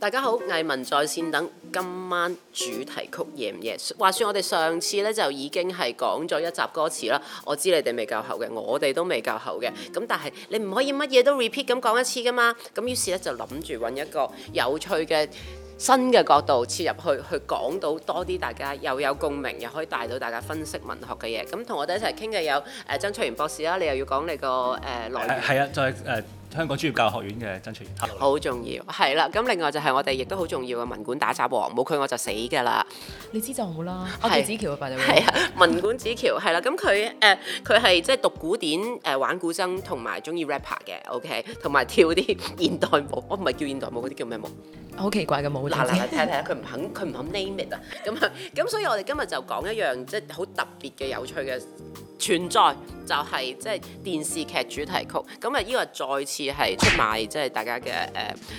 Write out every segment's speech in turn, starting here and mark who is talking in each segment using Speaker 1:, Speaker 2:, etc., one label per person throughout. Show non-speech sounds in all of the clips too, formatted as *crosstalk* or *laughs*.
Speaker 1: 大家好，藝文在線等，今晚主題曲夜唔夜？話說我哋上次呢，就已經係講咗一集歌詞啦，我知你哋未夠喉嘅，我哋都未夠喉嘅。咁但係你唔可以乜嘢都 repeat 咁講一次㗎嘛？咁於是呢，就諗住揾一個有趣嘅。新嘅角度切入去，去講到多啲，大家又有共鳴，又可以帶到大家分析文學嘅嘢。咁同我哋一齊傾嘅有誒、呃、曾翠賢博士啦，你又要講你個誒內容。係、
Speaker 2: 呃、啊，就係誒香港專業教學院嘅曾翠賢。好重要
Speaker 1: 係啦，咁另外就係我哋亦都好重要嘅文管打雜王，冇佢我就死㗎啦。你知就好啦。的我哋紫翹啊，快就係啊文管紫翹係啦，咁佢誒佢係即係讀古典誒玩古箏，同埋中意 rapper 嘅 OK，同埋跳啲現代舞。我唔係叫現代舞嗰啲，叫咩舞？
Speaker 3: 好奇怪嘅冇啦啦，嗱嗱嗱，睇
Speaker 1: 睇佢唔肯，佢唔肯 name it 啊， *laughs* 咁啊，咁，所以我哋今日就講一樣，即係好特別嘅有趣嘅。存在就係即係電視劇主題曲，咁啊呢個再次係出賣即係大家嘅誒，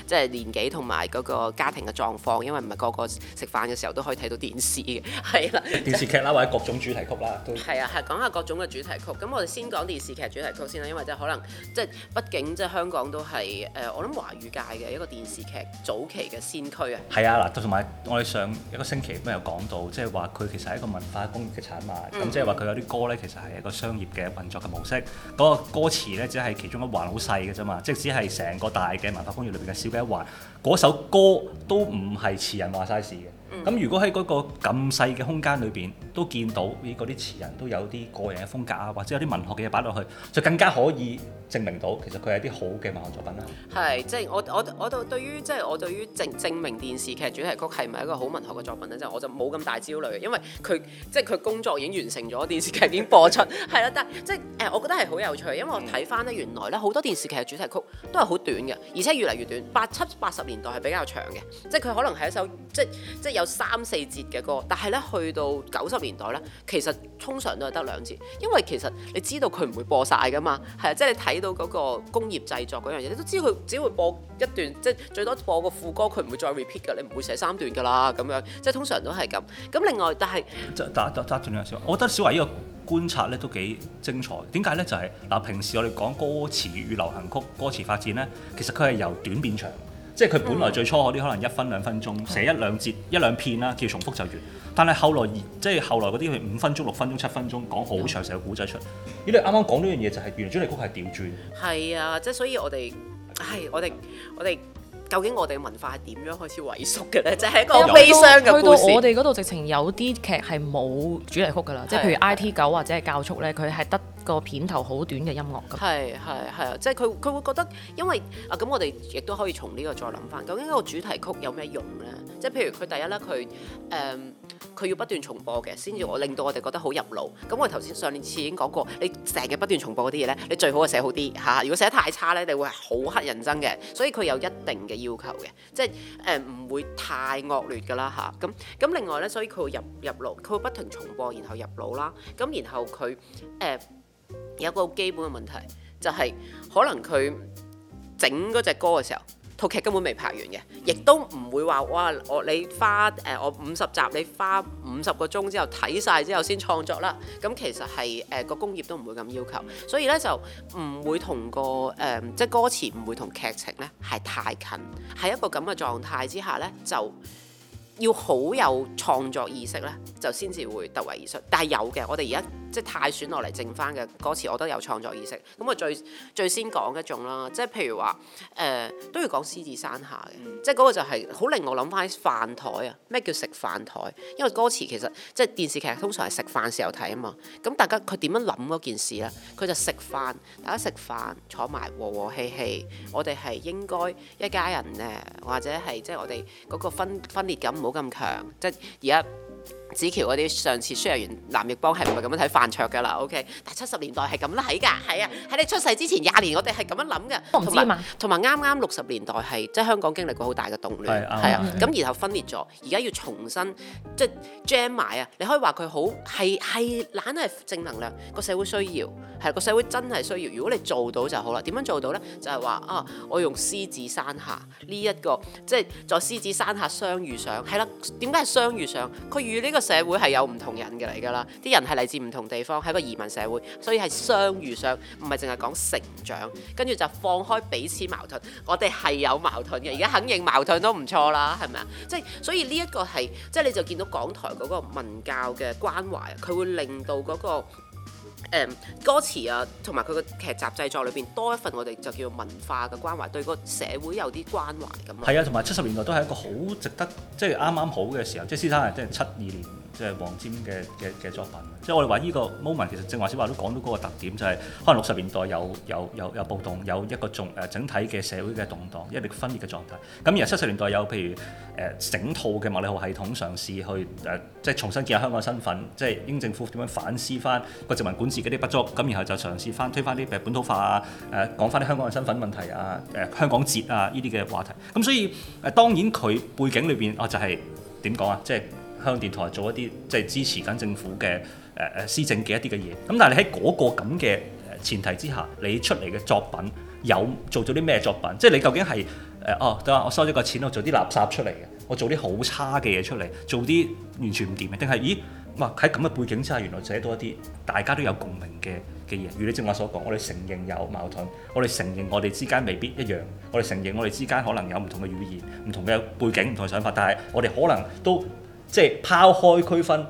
Speaker 1: 即係年紀同埋嗰個家庭嘅狀況，因為唔係個個食飯嘅時候都可以睇到電視嘅，係啦。電視劇
Speaker 2: 啦，或者各種主題曲啦，都
Speaker 1: 係啊，係講下各種嘅主題曲。咁我哋先講電視劇主題曲先啦，因為即係可能即係畢竟即係香港都係誒、呃，我諗華語界嘅一個電視劇早期嘅先驅啊。係
Speaker 2: 啊，嗱，同埋我哋上一個星期都有講到，即係話佢其實係一個文化工業嘅產物，咁即係話佢有啲歌咧，其實係。誒個商業嘅運作嘅模式，嗰個歌詞咧只係其中一環，好細嘅啫嘛，即使係成個大嘅文化工業裏邊嘅小嘅一環，嗰首歌都唔係詞人話晒事嘅。咁、嗯、如果喺嗰個咁細嘅空間裏邊都見到呢嗰啲詞人都有啲個人嘅風格啊，或者有啲文學嘅嘢擺落去，就更加可以證明到其實佢係啲好嘅文學作品啦。
Speaker 1: 係，即、就、係、是、我我我就對於即係、就是、我對於證證明電視劇主題曲係唔係一個好文學嘅作品咧，就是、我就冇咁大焦慮，因為佢即係佢工作已經完成咗，電視劇已經播出，係 *laughs* 啦，但即係誒，就是、我覺得係好有趣，因為我睇翻咧，原來咧好多電視劇嘅主題曲都係好短嘅，而且越嚟越短，八七八十年代係比較長嘅，即係佢可能係一首即係即係有三四節嘅歌，但係咧去到九十年代咧，其實通常都係得兩節，因為其實你知道佢唔會播晒㗎嘛，係啊，即係你睇到嗰個工業製作嗰樣嘢，你都知佢只會播一段，即係最多播個副歌，佢唔會再 repeat 㗎，你唔會寫三段㗎啦，咁樣即係通常都係咁。咁另外，但係，
Speaker 2: 就打打打，我覺得小樺呢個觀察咧都幾精彩。點解咧？就係嗱，平時我哋講歌詞與流行曲歌詞發展咧，其實佢係由短變長。即係佢本來最初嗰啲可能一分兩分鐘寫一兩節、嗯、一兩片啦，叫重複就完。但係後來即係後來嗰啲佢五分鐘六分鐘七分鐘講好長成個古仔出。咦，你啱啱講呢樣嘢就係原來主題曲係調轉。
Speaker 1: 係啊，即係所以我哋係我哋我哋究竟我哋文化係點樣開始萎縮嘅咧？即係一個悲傷嘅去到我哋
Speaker 3: 嗰度直情有啲劇係冇主題曲㗎啦。即係的譬如 I T 九或者係教速咧，佢係得。個片頭好短嘅音樂，係
Speaker 1: 係係啊！即係佢佢會覺得，因為啊咁，我哋亦都可以從呢個再諗翻，究竟個主題曲有咩用咧？即係譬如佢第一咧，佢誒佢要不斷重播嘅，先至我令到我哋覺得好入腦。咁、嗯、我頭先上年次已經講過，你成日不斷重播嗰啲嘢咧，你最好係寫好啲嚇、啊。如果寫得太差咧，你會係好乞人憎嘅。所以佢有一定嘅要求嘅，即係誒唔會太惡劣噶啦吓，咁、啊、咁、啊啊啊、另外咧，所以佢會入入腦，佢會不停重播，然後入腦啦。咁然後佢誒。有一個基本嘅問題，就係、是、可能佢整嗰隻歌嘅時候，套劇根本未拍完嘅，亦都唔會話哇！我你花誒、呃、我五十集，你花五十個鐘之後睇晒之後先創作啦。咁、嗯、其實係誒個工業都唔會咁要求，所以咧就唔會同個誒、呃、即係歌詞唔會同劇情咧係太近。喺一個咁嘅狀態之下咧，就要好有創作意識咧，就先至會突圍而出。但係有嘅，我哋而家。即係泰選落嚟剩翻嘅歌詞，我都有創作意識。咁我最最先講一種啦，即係譬如話誒、呃、都要講獅子山下嘅，嗯、即係嗰個就係好令我諗翻啲飯台啊！咩叫食飯台？因為歌詞其實即係電視劇通常係食飯時候睇啊嘛。咁大家佢點樣諗嗰件事咧？佢就食飯，大家食飯坐埋和和氣氣，我哋係應該一家人誒，或者係即係我哋嗰個分分裂感唔好咁強。即係而家。子喬嗰啲上次 share 完南亦邦係唔係咁樣睇範疇噶啦，OK？但係七十年代係咁樣睇噶，係啊，喺你出世之前廿年，我哋係咁樣諗嘅。同埋同埋啱啱六十年代係即係香港經歷過好大嘅動亂，係啊，咁 *noise* 的的然後分裂咗，而家要重新即係 jam 埋啊！你可以話佢好係係，懶係正能量，個社會需要，係個社會真係需要。如果你做到就好啦，點樣做到咧？就係、是、話啊，我用獅子山下呢一、這個即係在獅子山下相遇上，係啦，點解係相遇上？佢。與呢個社會係有唔同人嘅嚟㗎啦，啲人係嚟自唔同地方，係個移民社會，所以係相遇上，唔係淨係講成長，跟住就放開彼此矛盾。我哋係有矛盾嘅，而家肯認矛盾都唔錯啦，係咪啊？即係，所以呢一個係，即係你就見到港台嗰個文教嘅關懷，佢會令到嗰個。Um, 歌詞啊，同埋佢個劇集製作裏邊多一份我哋就叫文化嘅關懷，對個社會有啲關懷咁咯。係啊，同埋七十年
Speaker 2: 代都係一個好值得，即係啱啱好嘅時候，即係師生係即係七二年。即係黃霑嘅嘅嘅作品，即係我哋話呢個 moment 其實正話少話都講到嗰個特點，就係、是、可能六十年代有有有有暴動，有一個重誒整體嘅社會嘅動盪，因為分裂嘅狀態。咁然後七十年代有譬如誒整套嘅麥理浩系統嘗試去誒即係重新建立香港身份，即係英政府點樣反思翻個殖民管治嗰啲不足，咁然後就嘗試翻推翻啲本土化啊，誒講翻啲香港嘅身份問題啊，誒香港節啊呢啲嘅話題。咁所以誒當然佢背景裏邊啊就係點講啊，即係。香港電台做一啲即係支持緊政府嘅誒誒施政嘅一啲嘅嘢，咁但係你喺嗰個咁嘅前提之下，你出嚟嘅作品有做咗啲咩作品？即係你究竟係誒、呃、哦，對，我收咗個錢，我做啲垃圾出嚟嘅，我做啲好差嘅嘢出嚟，做啲完全唔掂嘅，定係咦？哇！喺咁嘅背景之下，原來寫多一啲大家都有共鳴嘅嘅嘢。如你正話所講，我哋承認有矛盾，我哋承認我哋之間未必一樣，我哋承認我哋之間可能有唔同嘅語言、唔同嘅背景、唔同嘅想法，但係我哋可能都。即係拋開區分，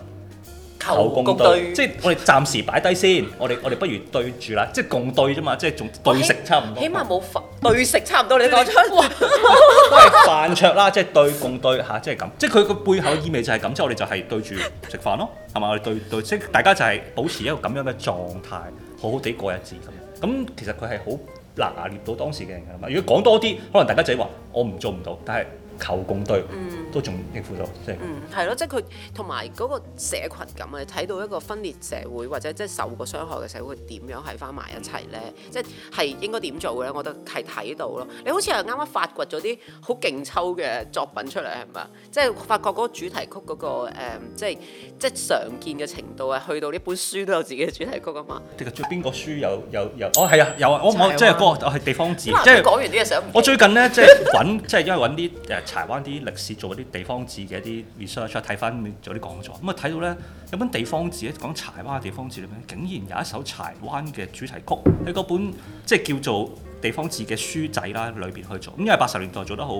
Speaker 2: 求共對，即係我哋暫時擺低先，我哋我哋不如對住啦，即係共對啫嘛，即係仲對食差唔多，起，起碼冇飯
Speaker 1: 對食差唔多，對對你講出哇 *laughs* 都係
Speaker 2: 飯桌啦，即係對共對吓，即係咁，即係佢個背後意味就係咁，即係我哋就係對住食飯咯，係嘛？我哋對對，即係、就是、大家就係保持一個咁樣嘅狀態，好好地過日子咁。咁其實佢係好拿捏到當時嘅人㗎嘛。如果講多啲，可能大家就話我唔做唔到，但係。求共對、嗯、都仲應付到，即、就、係、是，
Speaker 1: 係咯、嗯，即係佢同埋嗰個社群感啊！睇到一個分裂社會或者即係受過傷害嘅社會點樣喺翻埋一齊咧？即係係應該點做咧？我覺得係睇到咯。你好似係啱啱發掘咗啲好勁抽嘅作品出嚟係咪？即係、就是、發覺嗰個主題曲嗰、那個即係即係常見嘅程度係去到呢本書都有自己嘅主題曲啊嘛！
Speaker 2: 其實著邊個書有有有？哦係啊，有啊！我啊我即係、就是那個我地方字，即係講完啲嘢想，我最近咧即係揾即係因為揾啲誒。柴灣啲歷史做啲地方志嘅一啲 research，再睇翻做啲講座，咁啊睇到咧，有一本地方志講柴灣嘅地方志裡面，竟然有一首柴灣嘅主題曲，喺嗰本即係叫做。地方字嘅書仔啦，裏邊去做咁，因為八十年代做得好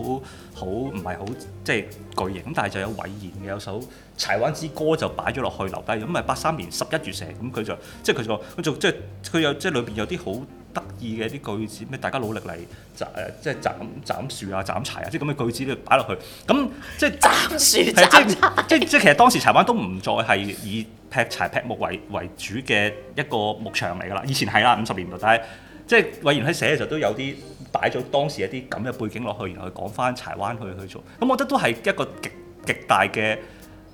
Speaker 2: 好唔係好即係巨型，咁但係就有偉言嘅有首柴灣之歌就擺咗落去留低。咁咪八三年十、嗯、一月成，咁佢就即係佢就佢就即係佢有即係裏邊有啲好得意嘅啲句子咩？大家努力嚟斬，即係斬斬樹啊、斬柴啊，即係咁嘅句子咧擺落去。咁即係斬樹斬柴。即係即係其實當時柴灣都唔再係以劈柴劈木為為主嘅一個木場嚟㗎啦。以前係啦、啊，五十年代就係。但即係魏然喺寫嘅時候都有啲擺咗當時一啲咁嘅背景落去，然後去講翻柴灣去去做。咁、嗯、我覺得都係一個極極大嘅誒、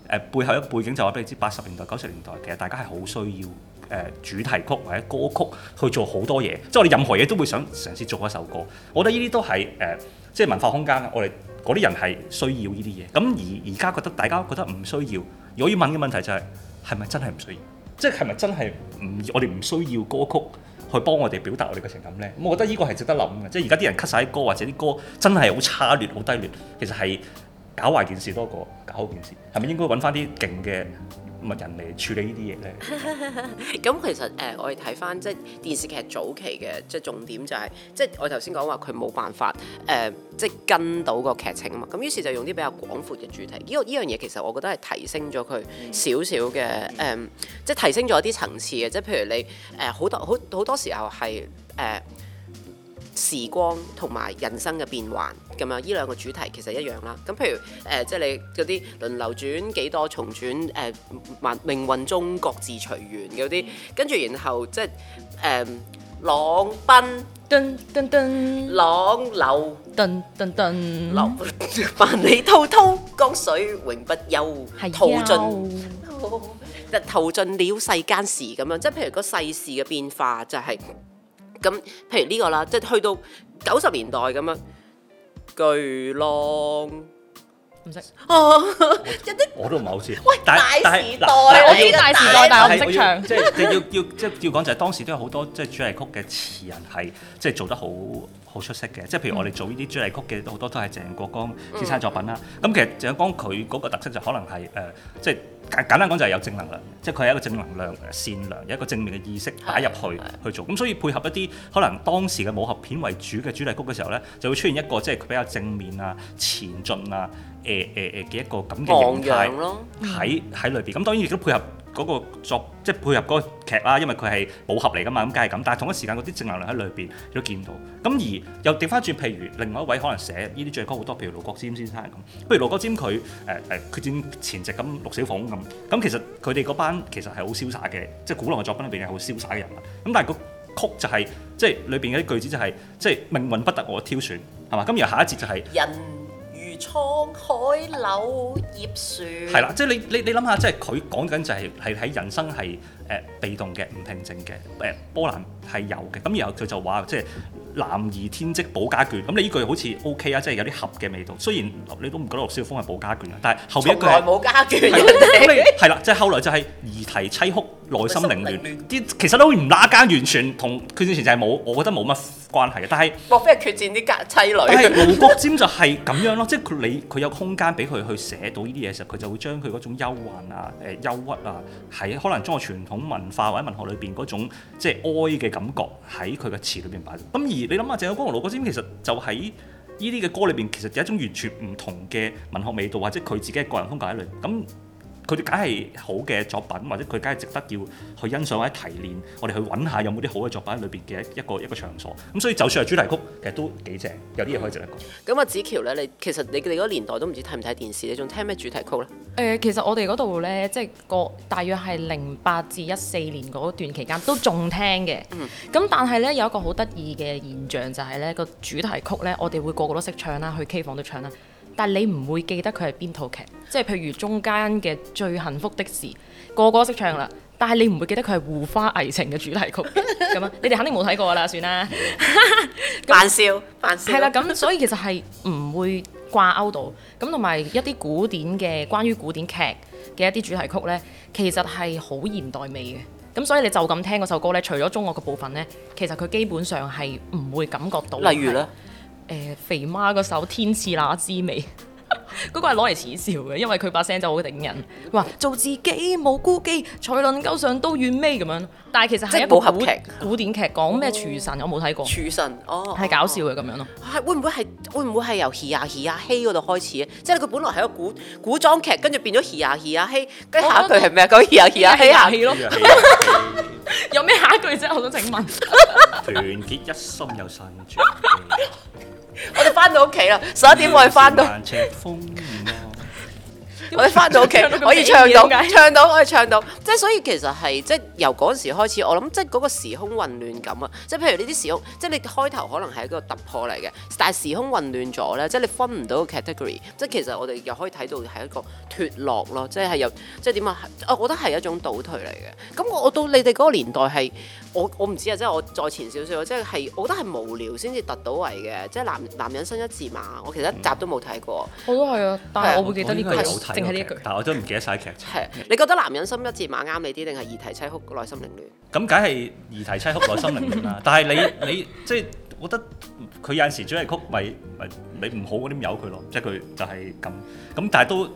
Speaker 2: 呃、背後嘅背景，就話畀你知，八十年代、九十年代，其實大家係好需要誒、呃、主題曲或者歌曲去做好多嘢。即係我哋任何嘢都會想嘗試做一首歌。我覺得呢啲都係誒、呃，即係文化空間，我哋嗰啲人係需要呢啲嘢。咁、嗯、而而家覺得大家覺得唔需要。如果要問嘅問題就係係咪真係唔需要？即係係咪真係唔我哋唔需要歌曲？去幫我哋表達我哋嘅情感咧，咁我覺得呢個係值得諗嘅，即係而家啲人 cut 曬啲歌，或者啲歌真係好差劣、好低劣，其實係搞壞件事多過搞好件事，係咪應該揾翻啲勁嘅人嚟處理呢啲嘢咧？
Speaker 1: 咁 *laughs* 其實誒、呃，我哋睇翻即係電視劇早期嘅即係重點就係、是、即係我頭先講話佢冇辦法誒、呃，即係跟到個劇情啊嘛。咁於是就用啲比較廣闊嘅主題。呢、這個呢樣嘢其實我覺得係提升咗佢少少嘅誒，即係提升咗一啲層次嘅。即係譬如你誒好、呃、多好好多，多時候係誒。呃時光同埋人生嘅變幻咁樣，呢兩個主題其實一樣啦。咁譬如誒，即係你嗰啲輪流轉幾多重轉，誒命命運中各自隨緣嗰啲，跟住然後即係誒，浪奔，噔噔噔，浪流，
Speaker 3: 噔噔噔，流，
Speaker 1: 萬里滔滔江水永不休，係呀，淘盡，淘盡了世間事咁樣，即係譬如個世事嘅變化就係。咁，譬如呢、呢個啦，即係去到九十年代咁樣，巨浪唔
Speaker 2: 識，我都唔係好知。 *laughs* 喂，大時代，我要 *laughs* 大時代，大但係我唔識唱。即係 *laughs* 要要即係要講，就係、是就是、當時都有好多即係、就是、主題曲嘅詞人係即係做得好好出色嘅，即係譬如我哋做呢啲主題曲嘅好多都係鄭國江先生作品啦。咁、嗯、其實鄭國江佢嗰個特色就可能係誒、呃，即係簡單講就係有正能量，即係佢係一個正能量、善良、有一個正面嘅意識擺入去去做。咁所以配合一啲可能當時嘅武俠片為主嘅主題曲嘅時候咧，就會出現一個即係、佢、比較正面啊、前進啊、誒誒誒嘅一個咁嘅形態喺喺裏邊。咁當然亦都配合。嗰個作即係配合嗰劇啦，因為佢係武俠嚟噶嘛，咁梗係咁。但係同一時間嗰啲正能量喺裏邊，你都見到。咁而又調翻轉，譬如另外一位可能寫呢啲最曲好多，譬如盧國沾先生咁。不如盧國沾佢誒誒決戰前夕咁，陸小鳳咁。咁其實佢哋嗰班其實係好瀟灑嘅，即係古龍嘅作品裏邊係好瀟灑嘅人物。咁但係個曲就係、是、即係裏邊嗰啲句子就係、是、即係命運不得我挑選，係嘛？咁而下一節就係、是
Speaker 1: 滄海一葉舟，係啦，即係
Speaker 2: 你你你諗下，即係佢講緊就係係喺人生係。誒、呃，被動嘅唔平靜嘅，誒、呃，波蘭係有嘅。咁然後佢就話，即係男兒天職保家眷。咁你呢句好似 O K 啊，即係有啲合嘅味道。雖然你都唔覺得陸小鳳係保家眷啊，但係後邊一句係冇家眷。咁的 *laughs* 你係啦，即係、就是、後來就係兒啼妻哭，內 *laughs* 心凌亂。啲 *laughs* 其實都唔拉更，完全同決戰就係冇，我覺得冇乜關係嘅。但係
Speaker 1: 莫非係決戰啲家妻女？係盧國
Speaker 2: 沾就係咁樣咯，即係佢你佢有空間俾佢去寫到呢啲嘢嘅時候，佢就會將佢嗰種憂患、啊呃、鬱啊、誒憂鬱啊，喺可能中國傳統。文化或者文學裏邊嗰種即係哀嘅感覺喺佢嘅詞裏邊擺。咁而你諗下鄭國江同盧國沾先，其實就喺呢啲嘅歌裏邊，其實係一種完全唔同嘅文學味道，或者佢自己嘅個人風格喺裏邊，嗯。佢哋梗係好嘅作品，或者佢梗係值得要去欣賞或者提煉，我哋去揾下有冇啲好嘅作品喺裏邊嘅一個一個場所。咁所以就算係主題曲，其實都幾正，有啲嘢可以值得一講。
Speaker 1: 咁阿紫翹咧，你其實你哋嗰年代都唔知睇唔睇電視，你仲聽咩主題曲咧？
Speaker 3: 誒、呃，其實我哋嗰度咧，即係個大約係零八至一四年嗰段期間都仲聽嘅。咁、嗯、但係咧有一個好得意嘅現象就係咧、個主題曲咧，我哋會個個都識唱啦，去 K 房都唱啦。但係你唔會記得佢係邊套劇，即係譬如中間嘅最幸福的事，個個識唱啦。但係你唔會記得佢係護花危
Speaker 1: 情嘅主題曲咁
Speaker 3: 啊！ *laughs* 你哋肯定冇睇過啦，算啦，
Speaker 1: 玩， *laughs* 那笑，玩笑，係啦。咁所
Speaker 3: 以其實係唔會掛鈎到咁，同埋一啲古典嘅關於古典劇嘅一啲主題曲呢，其實係好現代味嘅。咁所以你就咁聽嗰首歌呢，除咗中樂嘅部分呢，其實佢基本上係唔會感覺到。例如呢。誒，肥媽個首《天賜那滋味》，嗰個係攞嚟恥笑嘅，因為佢把聲就好頂人。話做自己冇顧忌，才能夠上都怨尾咁樣。但係其實係一部合古
Speaker 1: 古典劇，講咩廚神？有冇睇過廚神？哦，係搞笑嘅咁樣咯。係會唔會係會唔會係由嘻啊嘻啊嘿嗰度開始嘅？即係佢本來係一個古古裝劇，跟住變咗嘻啊嘻啊嘿。下一句係咩？嘻啊嘻啊嘿啊咯。有咩下一句啫？我想請問。
Speaker 2: 團結一心有神助。
Speaker 1: 翻到屋企啦，十一點可以翻
Speaker 2: 到。
Speaker 1: 南 *laughs* 我哋翻到屋企 *laughs* 可以唱到， *laughs* 唱到可以唱到，即係所以其實係即係由嗰時開始，我諗即係嗰個時空混亂感啊！即係譬如呢啲時空，即係你開頭可能係一個突破嚟嘅，但係時空混亂咗咧，即係你分唔到個 category，即係其實我哋又可以睇到係一個脫落咯，即係有，即係點啊？我覺得係一種倒退嚟嘅。咁我我到你哋嗰個年代係。我我唔知啊，即係我再前少少，即係我覺得係無聊先至突到嚟嘅。即係男男人心一字馬，我其實一集都冇睇過。嗯、
Speaker 3: 我都係啊，
Speaker 2: 但係我會記得呢句，淨係呢一句。但係我都唔記得晒劇情。係，你
Speaker 1: 覺得男人心一字馬啱你啲定係二提七哭內心凌亂？
Speaker 2: 咁梗係二提七哭內心凌亂啦。 *laughs* 但係你你即係、就是、我覺得佢有陣時主題曲咪咪你唔好嗰啲由佢咯，即係佢就係咁咁，但係都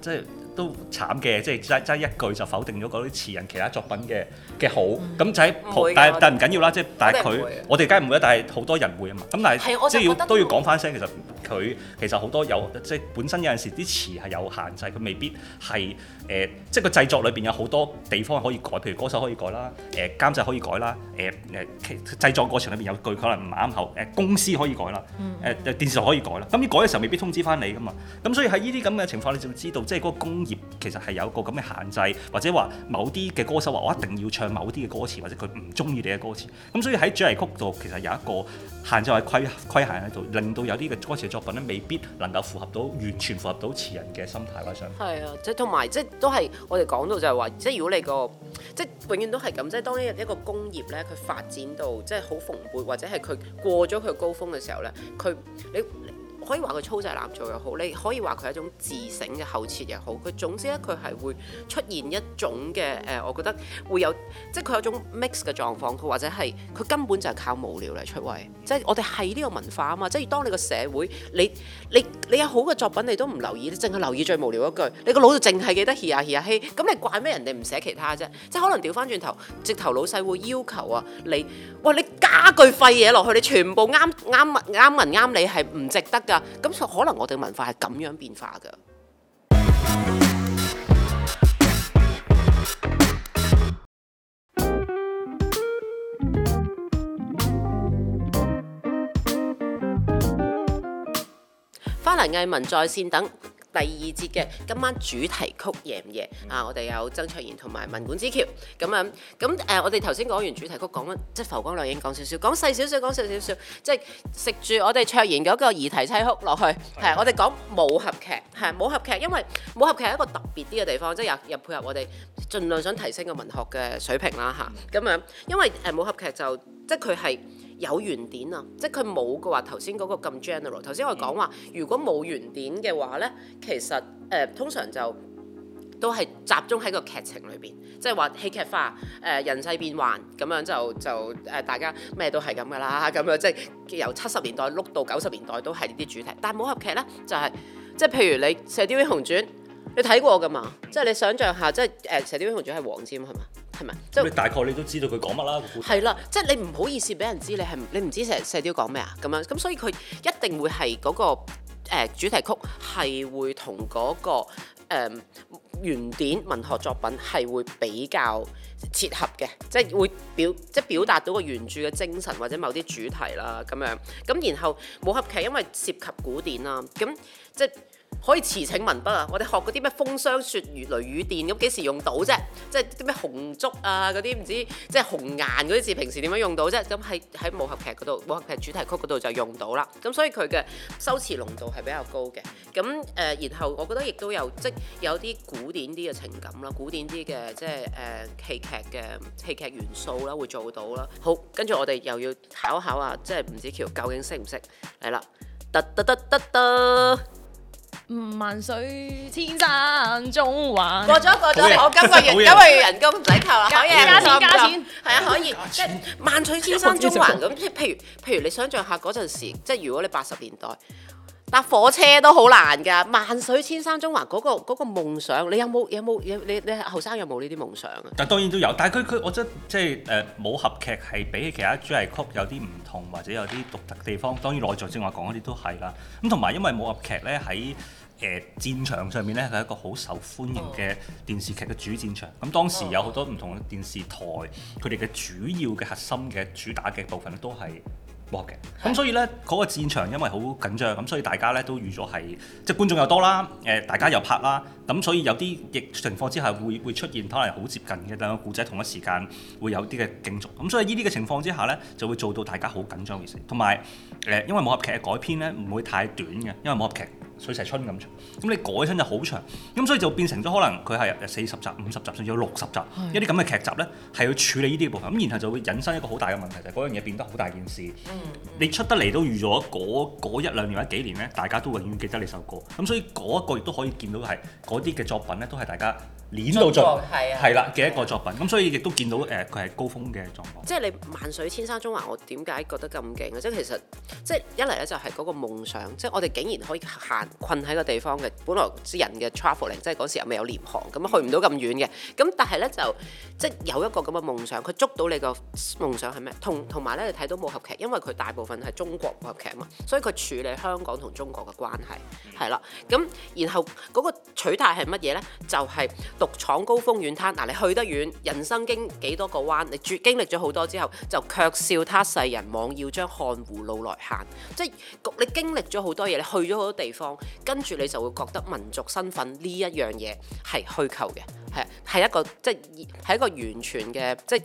Speaker 2: 即係。都慘嘅，即係真真一句就否定咗嗰啲詞人其他作品嘅嘅好。咁、嗯、就喺、是、但係但係唔緊要啦，即係但係佢我哋梗係唔會啦，但係好多人會啊嘛，咁但係即係要都要講翻聲，其實佢其實好多有即係本身有陣時啲詞係有限制，佢、就是、未必係。誒、呃，即係個製作裏邊有好多地方可以改，譬如歌手可以改啦，誒、呃、監製可以改啦，誒、呃、誒其製作過程裏邊有句可能唔啱口，誒、呃、公司可以改啦，誒、呃、誒電視台可以改啦。咁、嗯、呢改嘅時候未必通知翻你噶嘛。咁所以喺呢啲咁嘅情況，你就知道即係嗰個工業其實係有一個咁嘅限制，或者話某啲嘅歌手話我一定要唱某啲嘅歌詞，或者佢唔中意你嘅歌詞。咁所以喺主題曲度其實有一個限制或規規限喺度，令到有啲嘅歌詞嘅作品咧未必能夠符合到完全符合到詞人嘅心態或上。
Speaker 1: 想。係啊，即係同埋即都係我哋講到就係話，即係如果你個即係永遠都係咁，即係當一一個工業咧，佢發展到即係好蓬勃，或者係佢過咗佢高峰嘅時候咧，佢你。可以話佢粗製濫造又好，你可以話佢係一種自省嘅後設又好。佢總之咧，佢係會出現一種嘅誒、呃，我覺得會有，即係佢有種 mix 嘅狀況。佢或者係佢根本就係靠無聊嚟出位。即係我哋係呢個文化啊嘛！即係當你個社會，你你你有好嘅作品，你都唔留意，你淨係留意最無聊一句。你個腦就淨係記得 he 呀 he 呀 he。咁、啊啊、你怪咩？人哋唔寫其他啫。即係可能掉翻轉頭，直頭老細會要求啊你，哇！你加句廢嘢落去，你全部啱啱文啱文啱理係唔值得嘅。咁就可能我哋文化係咁樣變化㗎。翻嚟藝文在線等。第二節嘅今晚主題曲《夜唔夜》，嗯、啊，我哋有曾卓然同埋《文管紫翹》。咁樣咁誒，我哋頭先講完主題曲，講即係浮光掠影講少少，講細少少，講細少少，即係食住我哋卓然嗰個《疑題悽哭》落去，係、嗯、我哋講武俠劇，係武俠劇，因為武俠劇係一個特別啲嘅地方，即係又又配合我哋，盡量想提升個文學嘅水平啦嚇，咁樣、嗯啊、因為誒武俠劇就即係佢係。有原典啊，即係佢冇嘅話，頭先嗰個咁 general。頭先我講話，如果冇原典嘅話呢，其實誒、呃、通常就都係集中喺個劇情裏邊，即係話戲劇化、誒、呃、人世變幻咁樣就就誒、呃、大家咩都係咁噶啦，咁樣即係由七十年代碌到九十年代都係呢啲主題。但係武俠劇呢，就係、是，即係譬如你《射鵰英雄傳》，你睇過㗎嘛？即係你想象下，即係誒、呃《射鵰英雄傳》係黃霑係嘛？即咁你大概你都知道佢講乜啦。係啦、啊，即係、啊就是，你唔好意思俾人知你係你唔知石石雕講咩啊咁樣，咁所以佢一定會係嗰、那個、呃、主題曲係會同嗰、那個原、呃、典文學作品係會比較切合嘅，即係會表即係表達到個原著嘅精神或者某啲主題啦咁樣。咁然後武俠劇因為涉及古典啦，咁即係。可以辭請文筆啊！我哋學嗰啲咩風霜雪雨雷雨電咁幾時用到啫？即係啲咩紅燭啊嗰啲唔知即係紅顏嗰啲字，平時點樣用到啫？咁喺喺武俠劇嗰度，武俠劇主題曲嗰度就用到啦。咁所以佢嘅修辭濃度係比較高嘅。咁誒、呃，然後我覺得亦都有即係有啲古典啲嘅情感啦，古典啲嘅即係誒戲劇嘅戲劇元素啦，會做到啦。好，跟住我哋又要考一考啊！即係唔知紫翹究竟識唔識？嚟啦！得得得得得！
Speaker 3: 萬水千山
Speaker 1: 縱橫，過咗過咗，我今個月今個月人工唔使扣啊！可以加錢加錢，係啊可以。萬水千山縱橫咁，即係譬如譬如你想象下嗰陣時，即係如果你八十年代搭火車都好難噶，萬水千山縱橫嗰個嗰個夢想，你有冇有冇你你後生有冇呢啲夢想
Speaker 2: 啊？但係當然都有，但係佢佢我覺得即係誒，武俠劇係比起其他主題曲有啲唔同或者有啲獨特地方，當然內在正話講嗰啲都係啦。咁同埋因為武俠劇咧喺。誒戰場上面咧，係一個好受歡迎嘅電視劇嘅主戰場。咁當時有好多唔同嘅電視台，佢哋嘅主要嘅核心嘅主打嘅部分都係武俠劇。咁是的 所以咧，嗰、嗰個戰場因為好緊張，咁所以大家咧都預咗係即係觀眾又多啦，誒大家又拍啦，咁所以有啲疫情況之下會會出現可能好接近嘅兩個故仔同一時間會有啲嘅競逐。咁所以呢啲嘅情況之下咧，就會做到大家好緊張嘅事。同埋誒，因為武俠劇嘅改編咧，唔會太短嘅，因為武俠劇。水蛇春咁長，咁你改起身就好長，咁所以就變成咗可能佢係四十集、五十集甚至有六十集，是一啲咁嘅劇集咧，係要處理呢啲嘅部分，咁然後就會引申一個好大嘅問題，就係嗰樣嘢變得好大件事。嗯嗯、你出得嚟都預咗嗰一兩年或者幾年咧，大家都永遠記得你首歌，咁所以嗰一個亦都可以見到係嗰啲嘅作品咧，都係大家。鏈到做係啊，係啦嘅一個作品，咁所以亦都見到誒佢係高峰嘅狀況。
Speaker 1: 即係你萬水千山縱橫，我點解覺得咁勁啊？即係其實，即係一嚟咧就係嗰個夢想，即係我哋竟然可以行困喺個地方嘅，本來啲人嘅 travelling，即係嗰時又未有廉航，咁去唔到咁遠嘅。咁但係咧就即係有一個咁嘅夢想，佢捉到你個夢想係咩？同同埋咧，你睇到武俠劇，因為佢大部分係中國武俠劇啊嘛，所以佢處理香港同中國嘅關係係啦。咁然後嗰個取態係乜嘢咧？就係、就係。係獨闖高峰遠灘，嗱、啊、你去得遠，人生經幾多個彎，你絕經歷咗好多之後，就卻笑他世人妄要將漢胡路來限。即係你經歷咗好多嘢，你去咗好多地方，跟住你就會覺得民族身份呢一樣嘢係虛構嘅，係係一個即係係一個完全嘅即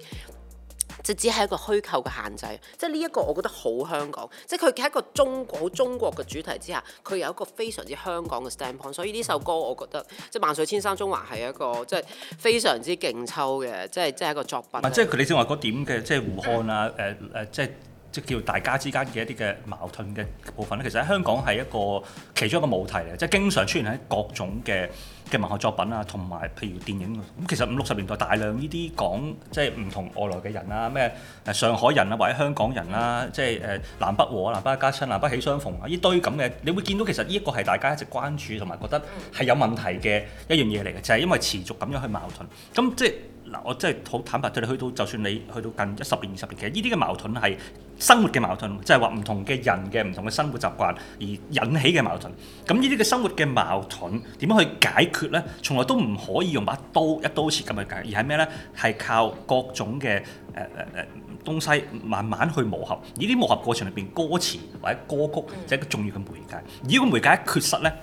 Speaker 1: 即只係一個虛構嘅限制，即呢一個我覺得好香港，即佢喺一個中，好中國嘅主題之下，佢有一個非常之香港嘅 standpoint，所以呢首歌我覺得即萬水千山中華係一個即非常之勁抽嘅，即即係一個作品。即佢你正話
Speaker 2: 嗰點嘅即胡漢啊誒誒、uh, uh, 即。即叫大家之間嘅一啲嘅矛盾嘅部分咧，其實喺香港係一個其中一個母題嚟，即係經常出現喺各種嘅嘅文學作品啊，同埋譬如電影。咁其實五六十年代大量呢啲講即係唔同外來嘅人啊，咩誒上海人啊，或者香港人啊，即係誒南北和啊，南北一家親啊，南北喜相逢啊，呢堆咁嘅，你會見到其實呢一個係大家一直關注同埋覺得係有問題嘅一樣嘢嚟嘅，就係因為持續咁樣去矛盾。咁即係。嗱，我真係好坦白，對你去到，就算你去到近一十年，年，二十年，嘅，呢啲嘅矛盾係生活嘅矛盾，即係話唔同嘅人嘅唔同嘅生活習慣而引起嘅矛盾。咁呢啲嘅生活嘅矛盾點樣去解決咧？從來都唔可以用把刀一刀切咁去解決，而係咩咧？係靠各種嘅誒誒誒東西慢慢去磨合。呢啲磨合過程裏邊，歌詞或者歌曲即係一個重要嘅媒介。如果媒介缺失咧，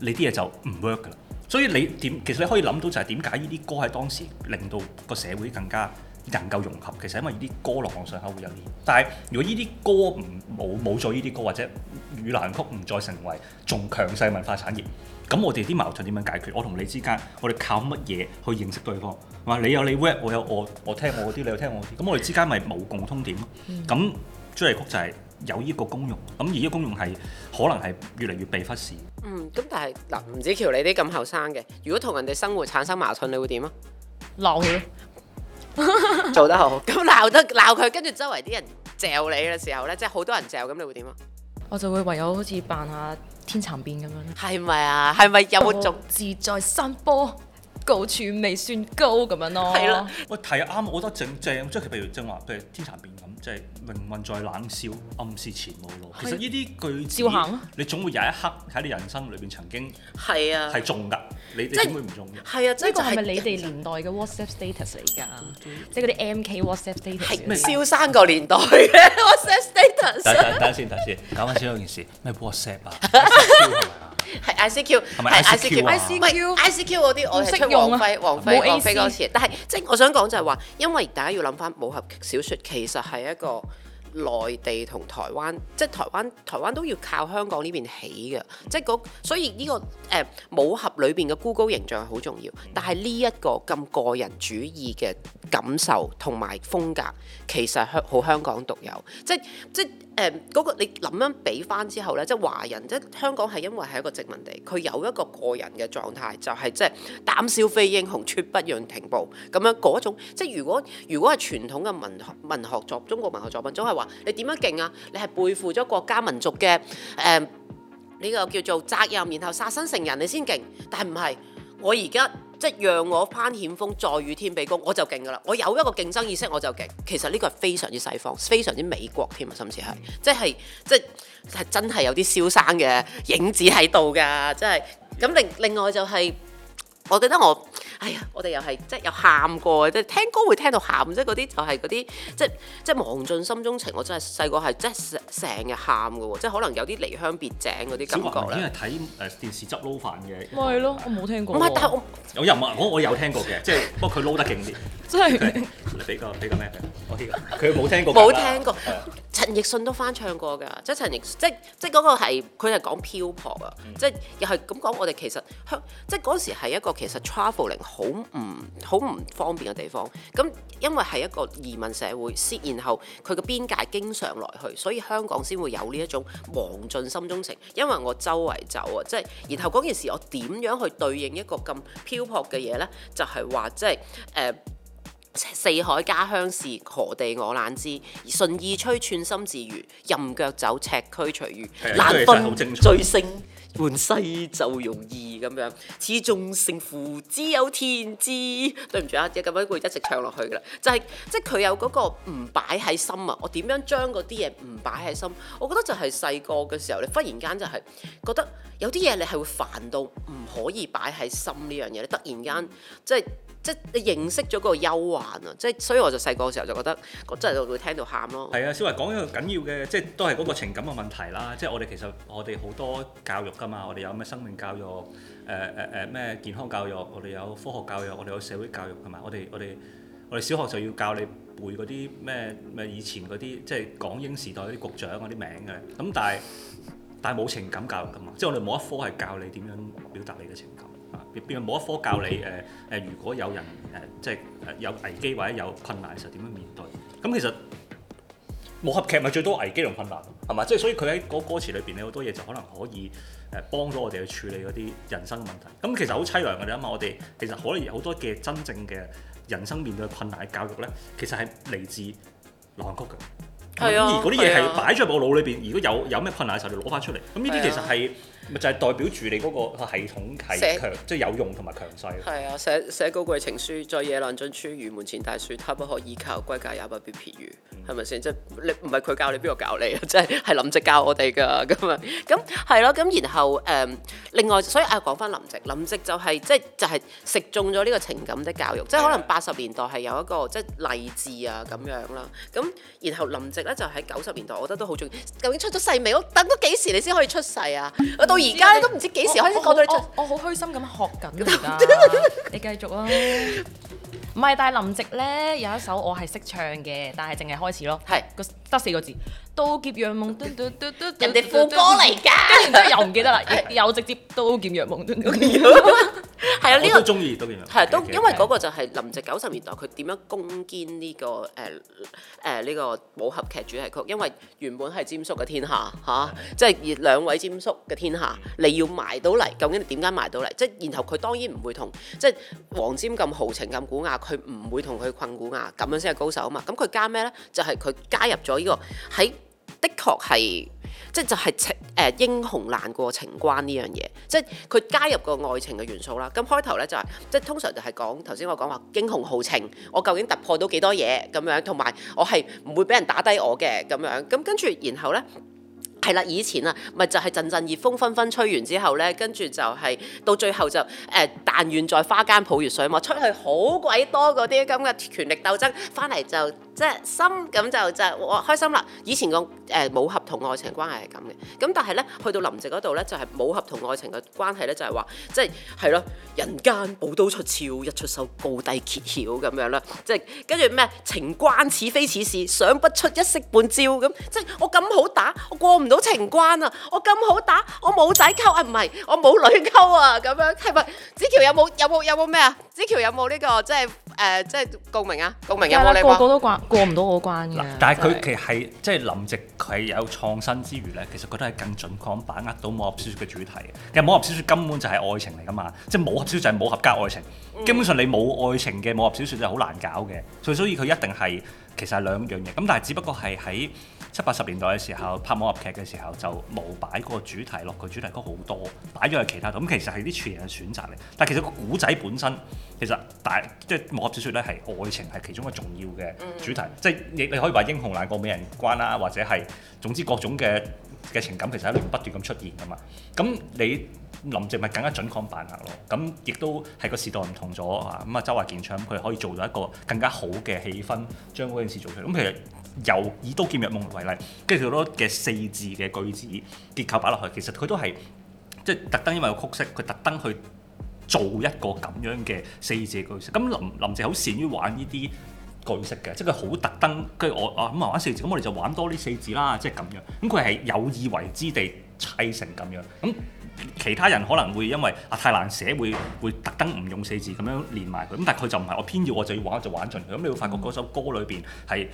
Speaker 2: 你啲嘢就唔 work 㗎啦。所以你點，其實你可以諗到就係點解呢啲歌喺當時令到個社會更加能夠融合？其實因為呢啲歌落往上下會有啲。但係如果呢啲歌唔冇冇咗呢啲歌或者粵難曲唔再成為仲強勢文化產業，咁我哋啲矛盾點樣解決？我同你之間，我哋靠乜嘢去認識對方？係嘛？你有你 rap，我有我我聽我啲，你有聽我啲，咁我哋之間咪冇共通點咯？咁主題曲就係、是。有呢個功用，咁而呢個功用係可能係越嚟越被忽視。
Speaker 1: 嗯，咁但係嗱，吳紫翹你啲咁後生嘅，如果同人哋生活產生矛盾，ulf，你會點啊？鬧咯罵他， *laughs*
Speaker 2: 做得好。咁
Speaker 1: 鬧得鬧佢，跟住周圍啲人嚼你嘅時候咧，即係好多人嚼，咁你會點啊？我就
Speaker 3: 會唯有好似扮下天蠶變咁樣咧。係咪啊？係咪有，有種自在山坡高處未算高咁樣咯？係啦。
Speaker 2: 喂，睇啱，好多正正，即係譬如正話，譬如，如，如天蠶變咁。即係命運在冷笑，暗示前無路。其實呢啲句子，照行啊、你總會有一刻喺你人生裏邊曾經係啊，係中㗎。你哋點即會唔中㗎？係
Speaker 3: 啊，呢個係咪你哋年代嘅 WhatsApp status 嚟㗎？嗯、即係嗰啲 MK WhatsApp
Speaker 1: status，係咪燒生個年代嘅 WhatsApp status？等
Speaker 2: 等先，等先，搞翻少少件事，咩 WhatsApp 啊？ *laughs*
Speaker 1: 係 I C Q，係 I C Q，I C Q，I C Q 嗰啲我識用啊！王菲王菲沒 AC 王菲嗰啲，但係即係我想講就係話，因為大家要諗翻武俠小説其實係一個內地同台灣，即、就、係、是、台灣台灣都要靠香港呢邊起嘅，即係嗰所以呢、這個誒、呃、武俠裏邊嘅孤高形象係好重要，但係呢一個咁個人主義嘅感受同埋風格，其實香好香港獨有，即係即係。就是誒嗰、嗯那個你諗樣俾翻之後咧，即係華人，即係香港係因為係一個殖民地，佢有一個個人嘅狀態，就係、是、即係膽小非英雄，絕不讓停步咁樣嗰種。即係如果如果係傳統嘅文學文學作中國文學作品，總係話你點樣勁啊？你係背負咗國家民族嘅誒呢個叫做責任，然後殺身成仁，你先勁。但係唔係我而家。即係讓我攀險峰，再與天比高，我就勁㗎喇！我有一個競爭意識，我就勁。其實呢個係非常之西方，非常之美國添啊，甚至係即係即係真係有啲蕭生嘅影子喺度㗎，即係咁另另外就係、是。我記得我，哎呀，我哋又係即係有喊過嘅，即係聽歌會聽到喊，即係嗰啲就係嗰啲，即係即係忘盡心中情。我真係細個係即係成日喊嘅喎，即係可能有啲離鄉別井嗰啲感覺。因為
Speaker 2: 睇誒電視執撈飯嘅。咪係
Speaker 1: 咯，為我冇聽過。唔係，但係我，
Speaker 2: 我有人物，我我有聽過嘅，即係不過佢撈得勁啲。即係比較比較咩？我呢個佢冇聽過。冇聽過，
Speaker 1: 陳奕迅都翻唱過㗎，即係陳奕迅，即即嗰個係佢係講漂泊啊，即係又係咁講。我哋其實即係嗰時係一個。其實 traveling 好唔好唔方便嘅地方，咁因為係一個移民社會，先然後佢嘅邊界經常來去，所以香港先會有呢一種忘盡心中情。因為我周圍走啊，即係然後嗰件事，我點樣去對應一個咁漂泊嘅嘢呢？就係、是、話即係誒、呃，四海家鄉是，何地我懶知；順意吹，寸心自如，任腳走，尺軀隨遇難分，追星。換世就容易咁樣，始終勝負只有天知。對唔住啊，啲咁樣會一直唱落去噶啦。就係即係佢有嗰個唔擺喺心啊，我點樣將嗰啲嘢唔擺喺心？我覺得就係細個嘅時候你忽然間就係覺得有啲嘢你係會煩到唔可以擺喺心呢樣嘢，你突然間即係即係認識咗嗰個憂患啊！即係所以我就細個嘅時候就覺得，我真係會聽到喊咯。係
Speaker 2: 啊，小樺講緊緊要嘅，即係都係嗰個情感嘅問題啦。即係我哋其實我哋好多教育。㗎嘛，我哋有咩生命教育？誒誒誒咩健康教育，我哋有科學教育，我哋有社會教育，係嘛？我哋我哋我哋小學就要教你背嗰啲咩咩以前嗰啲即係港英時代嗰啲局長嗰啲名嘅，咁但係但係冇情感教育㗎嘛，即係我哋冇一科係教你點樣表達你嘅情感，啊，變變冇一科教你誒誒、呃呃，如果有人誒、呃、即係有危機或者有困難嘅時候點樣面對，咁其實。武俠劇咪最多危機同困難，係嘛？即係所以佢喺嗰歌詞裏邊咧好多嘢就可能可以誒幫到我哋去處理嗰啲人生嘅問題。咁其實好凄涼嘅啫嘛，你想想我哋其實可能好多嘅真正嘅人生面對困難嘅教育咧，其實係嚟自流行曲嘅。係啊，而嗰啲嘢係擺在我腦裏邊，啊、如果有有咩困難嘅時候就攞翻出嚟。咁呢啲其實係。就係代表住你嗰個系統係強，寫即係有用同埋強勢。係
Speaker 1: 啊，寫寫高貴情書，在野狼進出，如門前大樹，他不可依靠，歸家也不必疲於，係咪先？即係你唔係佢教你邊個教你教啊？即係係林夕教我哋㗎，咁啊，咁係咯，咁然後誒、嗯，另外所以啊，講返林夕，林夕就係即係就係、是、食中咗呢個情感的教育，啊、即係可能八十年代係有一個即係勵志啊咁樣啦。咁然後林夕咧就喺九十年代，我覺得都好重要。究竟出咗世未？我等到幾時你先可以出世啊？而家、啊、都唔知幾時開始過到你出，我好虛心咁學緊㗎，
Speaker 3: *laughs* 你繼續啊。唔係，是但係林夕咧，有一首我係識唱嘅，但係淨係開始咯，係得四個字《刀劍若夢》嘟嘟嘟，人哋副歌嚟噶，跟
Speaker 1: 住之後又唔記
Speaker 3: 得啦，又直接刀《刀劍若夢》嘟嘟嘟嘟，係啊，呢個都
Speaker 1: 中
Speaker 2: 意《刀劍若夢》，係都因為嗰個
Speaker 1: 就係林夕九十年代佢點樣攻堅呢、呢個誒誒呢個武俠劇主題曲，因為原本係霑叔嘅天下吓，即係以兩位霑叔嘅天下，你要埋到嚟，究竟你點解埋到嚟？即、就、係、是、然後佢當然唔會同即係黃霑咁豪情咁古。佢唔會同佢困股啊，咁樣先係高手啊嘛。咁佢加咩呢？就係、是、佢加入咗呢、呢個喺，的確係即係就係、是、情誒、呃、英雄難過情關呢樣嘢，即係佢加入個愛情嘅元素啦。咁開頭呢，就係即係通常就係講頭先我講話英雄豪情，我究竟突破到幾多嘢咁樣，同埋我係唔會俾人打低我嘅咁樣。咁跟住然後呢。係啦，以前啊，咪就係陣陣熱風紛紛吹完之後呢，跟住就係、是、到最後就、呃、但願在花間抱月睡，出去好鬼多嗰啲咁嘅權力鬥爭，返嚟就。即係心咁就就我開心啦。以前個誒、呃、武俠同愛情關係係咁嘅，咁但係咧去到林夕嗰度咧就係、是、武俠同愛情嘅關係咧就係、是、話即係係咯，人間寶刀出鞘一出手高低揭曉咁樣啦。即係跟住咩情關似非似事想不出一式半招咁。即係我咁好打我過唔到情關啊！我咁好打我冇仔溝啊？唔係我冇女溝啊？咁樣係咪？紫翹有冇有冇有冇咩、這個呃、啊？紫翹有冇呢個即係誒即係共鳴啊？共鳴對有冇你話？個個都
Speaker 3: 掛。過唔到嗰關嘅。
Speaker 2: 但係佢其係、就是、即係林夕，佢有創新之餘咧，其實佢都係更準確把握到武俠小說嘅主題。其實武俠小說根本就係愛情嚟㗎嘛，即係武俠小說就係武俠加愛情。基本上你冇愛情嘅武俠小說就係好難搞嘅，所以，所以佢一定係。其實係兩樣嘢，咁但係只不過係喺七八十年代嘅時候拍武俠劇嘅時候就冇擺個主題落個主題曲好多，擺咗去其他度。咁其實係啲全人嘅選擇嚟。但係其實個古仔本身其實大即係武俠小説咧，係愛情係其中一個重要嘅主題，嗯、即係你你可以話英雄難過美人關啦，或者係總之各種嘅。嘅情感其實係不斷咁出現噶嘛，咁你林夕咪更加準確扮客咯，咁亦都係個時代唔同咗啊，咁啊周華健唱佢可以做到一個更加好嘅氣氛，將嗰件事做出嚟。咁其實又以《刀劍入夢》為例，跟住好多嘅四字嘅句子結構擺落去，其實佢都係即係特登因為個曲式，佢特登去做一個咁樣嘅四字嘅句式。咁林林夕好善於玩呢啲。句式嘅，即係佢好特登，跟住我啊咁玩、嗯啊、玩四字，咁我哋就玩多啲四字啦，即係咁樣。咁佢係有意為之地砌成咁樣。咁、嗯、其他人可能會因為啊太難寫，會會特登唔用四字咁樣連埋佢。咁但係佢就唔係，我偏要我就要玩我就玩盡佢。咁、嗯、你會發覺嗰首歌裏邊係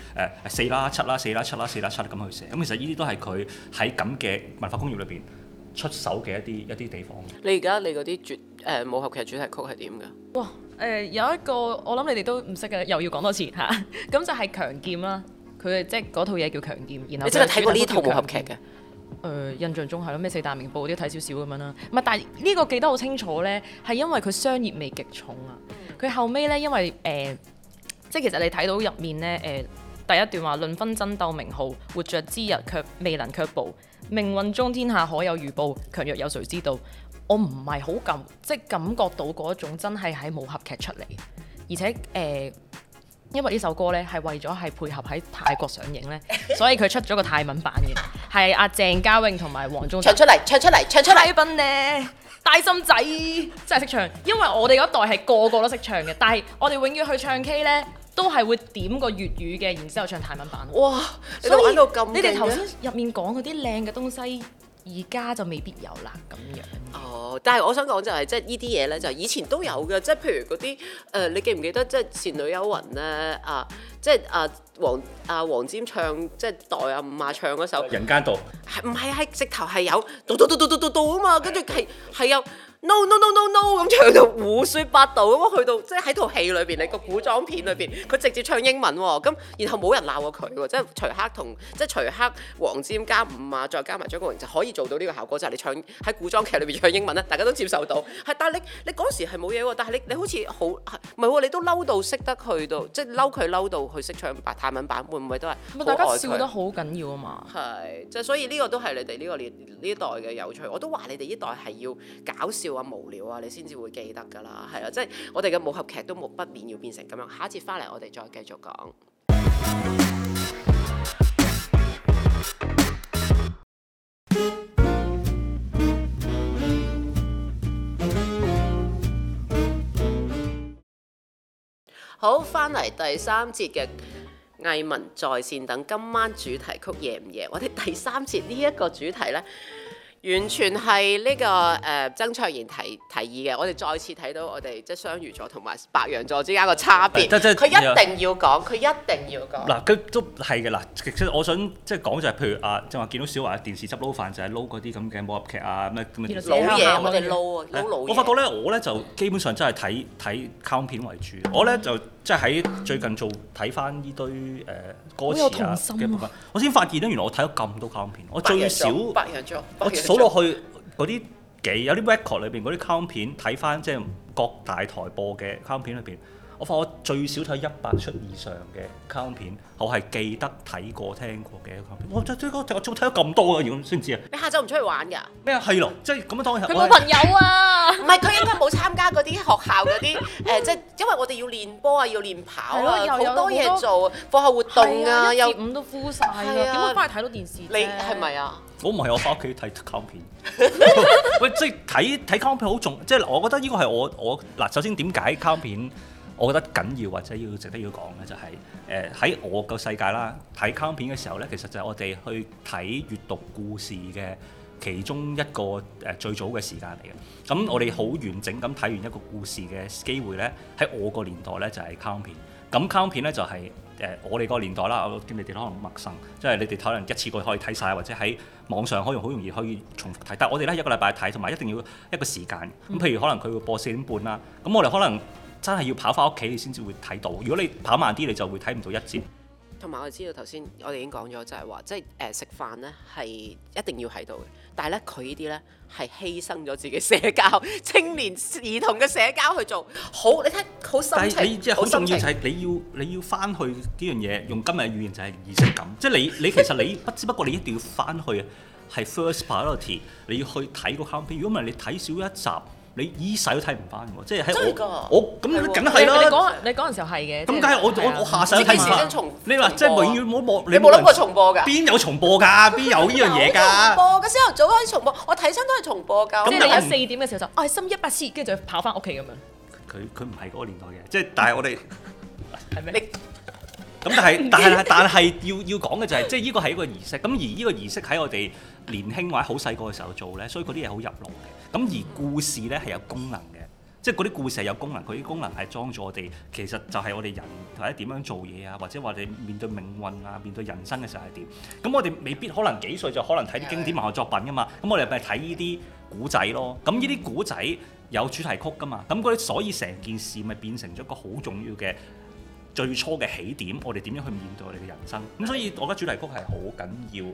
Speaker 2: 誒四啦七啦四啦七啦四啦七咁去寫。咁、嗯、其實呢啲都係佢喺咁嘅文化工業裏邊出手嘅一啲一啲地方。
Speaker 1: 你而家你嗰啲絕。誒、呃、武俠劇主題曲係點
Speaker 3: 嘅？哇！誒、呃、有一個我諗你哋都唔識嘅，又要講多次嚇。咁、啊 *laughs* 嗯、就係《強劍》啦，佢即係嗰套嘢叫《強劍》，然後你真係睇過呢套武俠劇嘅？誒、呃、印象中係咯，咩四大名捕啲睇少少咁樣啦。唔係，但係呢個記得好清楚咧，係因為佢商業味極重啊。佢後尾咧，因為誒、呃，即係其實你睇到入面咧，誒、呃、第一段話論分爭鬥名號，活着之日卻未能卻步，命運中天下可有預報？強弱有誰知道？我唔係好感，即係感覺到嗰種真係喺武俠劇出嚟，而且誒、呃，因為呢首歌呢係為咗係配合喺泰國上映呢， *laughs* 所以佢出咗個泰文版嘅，係阿鄭嘉穎同埋黃宗，唱出嚟，唱出嚟，唱出嚟，泰文呢，大心仔真係識唱，因為我哋嗰代係個，個個都識唱嘅，但係我哋永遠去唱 K 呢，都係會點個粵語嘅，然之後
Speaker 1: 唱泰文版，
Speaker 3: 哇，所以你哋頭先入面講嗰啲靚嘅東西。而家就未必有啦，咁樣。
Speaker 1: 哦，但係我想講就係，即係呢啲嘢咧，就是呢就是、以前都有嘅，即、就、係、是、譬如嗰啲，誒、呃，你記唔記得即係「倩女幽魂」咧？啊，即、就、係、是、啊黃啊黃霑唱，即、就、係、是、代阿五華唱嗰首《人間道》。係唔係係直頭係有？嘟嘟嘟嘟嘟嘟嘟啊嘛，跟住係係有。no no no no no，咁唱到胡說八道，咁去到即係喺套戲裏邊，你個古裝片裏邊，佢直接唱英文喎，咁然後冇人鬧過佢喎，即係徐克同即係徐克黃霑加五啊，再加埋張國榮就可以做到呢個效果，就係、是、你唱喺古裝劇裏邊唱英文咧，大家都接受到。係，但係你你嗰時係冇嘢喎，但係你你好似好唔係喎，你都嬲到識得去到即係嬲佢嬲到去識唱白泰文版，會唔會都係？大家笑得好緊要啊嘛！係，即係所以呢個都係你哋呢個年呢一代嘅有趣。我都話你哋呢代係要搞笑。話無聊啊，你先至會記得噶啦，係啊，即係我哋嘅武俠劇都冇不免要變成咁樣。下一次翻嚟，我哋再繼續講。好，翻嚟第三節嘅藝文在線等，今晚主題曲夜唔夜？我哋第三節呢一個主題呢。完全係呢、這個誒、呃、曾卓然提提議嘅，我哋再次睇到我哋即係雙魚座同埋白羊座之間個差別，佢是一定要講，佢要一定要講。
Speaker 2: 嗱，佢、啊、都係嘅，嗱，其實我想即係講就係、是，譬如啊，正話見到小樺喺電視執撈飯，就係撈嗰啲咁嘅武俠劇啊，咩老嘢我哋、就、撈、是、啊，撈老嘢。我發覺咧，我咧就基本上真係睇睇卡通片為主，我咧就。嗯嗯。即係喺最近做睇翻呢堆誒、呃、歌詞部分、啊，我先、啊、發現咧，原來我睇咗咁多卡通片，我最少我數落去嗰啲幾有啲 record 裏邊嗰啲卡通片，睇翻即係各大台播嘅卡通片裏邊，我發我最少睇一百出以上嘅卡通片，我係記得睇過聽過嘅卡通片。我最睇咗咁多啊，而家知唔知啊？你下晝
Speaker 1: 唔出去玩㗎？
Speaker 2: 咩啊？係咯，即係咁樣當佢冇朋友啊！唔係，佢
Speaker 1: 應該冇參加嗰啲學校嗰啲誒，即係因為我哋要練波啊，要練跑啊，好多嘢做，課後活動啊，又、啊、有一五都 full 曬，點、啊、會翻去睇到電視？你係咪啊？
Speaker 2: 哦、我唔係我返屋企睇卡通片， *laughs* *laughs* 喂，即係睇睇卡通片好重，即係我覺得依個係我我嗱，首先點解卡通片我覺得緊要或者要值得要講嘅就係誒喺我個世界啦，睇卡通片嘅時候咧，其實就係我哋去睇閱讀故事嘅。其中一個誒、呃、最早嘅時間嚟嘅，咁我哋好完整咁睇完一個故事嘅機會呢，喺我個年代呢，就係卡通片。咁卡通片呢，就係、是、誒、呃、我哋個年代啦，我見你哋可能陌生，即、就、係、是、你哋可能一次過可以睇晒，或者喺網上可以好容易可以重複睇。但係我哋呢，一個禮拜睇，同埋一定要一個時間。咁譬如可能佢會播四點半啦，咁我哋可能真係要跑翻屋企，你先至會睇到。如果你跑慢啲，你就會睇唔到一節。
Speaker 1: 同埋我哋知道頭先我哋已經講咗，就係、是、話即係誒食飯呢，係一定要喺度嘅。但係咧，佢呢啲咧係犧牲咗自己社交、青年兒童嘅社交去做好。你睇好心情，但係，即係好重要就
Speaker 2: 係你要你要翻去呢樣嘢，用今日嘅語言就係儀式感。即係 *laughs* 你你其實你不知不覺你一定要翻去係 first priority。你要去睇個卡通片，如果唔係你睇少一集。你一世都睇唔翻喎，即係喺我咁梗係啦。你
Speaker 3: 你嗰時候係嘅。咁梗係我我我下世睇啦。
Speaker 2: 你話即係永遠冇冇你冇諗過重播㗎？邊有重播㗎？邊有呢樣嘢㗎？播嘅
Speaker 3: 朝頭早開始重播，我睇親都係重播㗎。咁有四點嘅時候就愛心一百次，跟住就跑翻屋企咁樣。
Speaker 2: 佢佢唔係嗰個年代嘅，即係但係我哋
Speaker 1: 係咪？咁但係但係但
Speaker 2: 係要要講嘅就係即係呢個係一個儀式，咁而呢個儀式喺我哋年輕或者好細個嘅時候做咧，所以嗰啲嘢好入腦嘅。咁而故事咧係有功能嘅，即係嗰啲故事係有功能，佢啲功能係裝咗我哋，其實就係我哋人或者點樣做嘢啊，或者話，你面對命運啊，面對人生嘅時候係點，咁我哋未必可能幾歲就可能睇啲經典文學作品噶嘛，咁我哋咪睇呢啲古仔咯。咁呢啲古仔有主題曲噶嘛？咁嗰啲所以成件事咪變成咗一個好重要嘅最初嘅起點，我哋點樣去面對我哋嘅人生？咁所以我覺得主題曲係好緊要。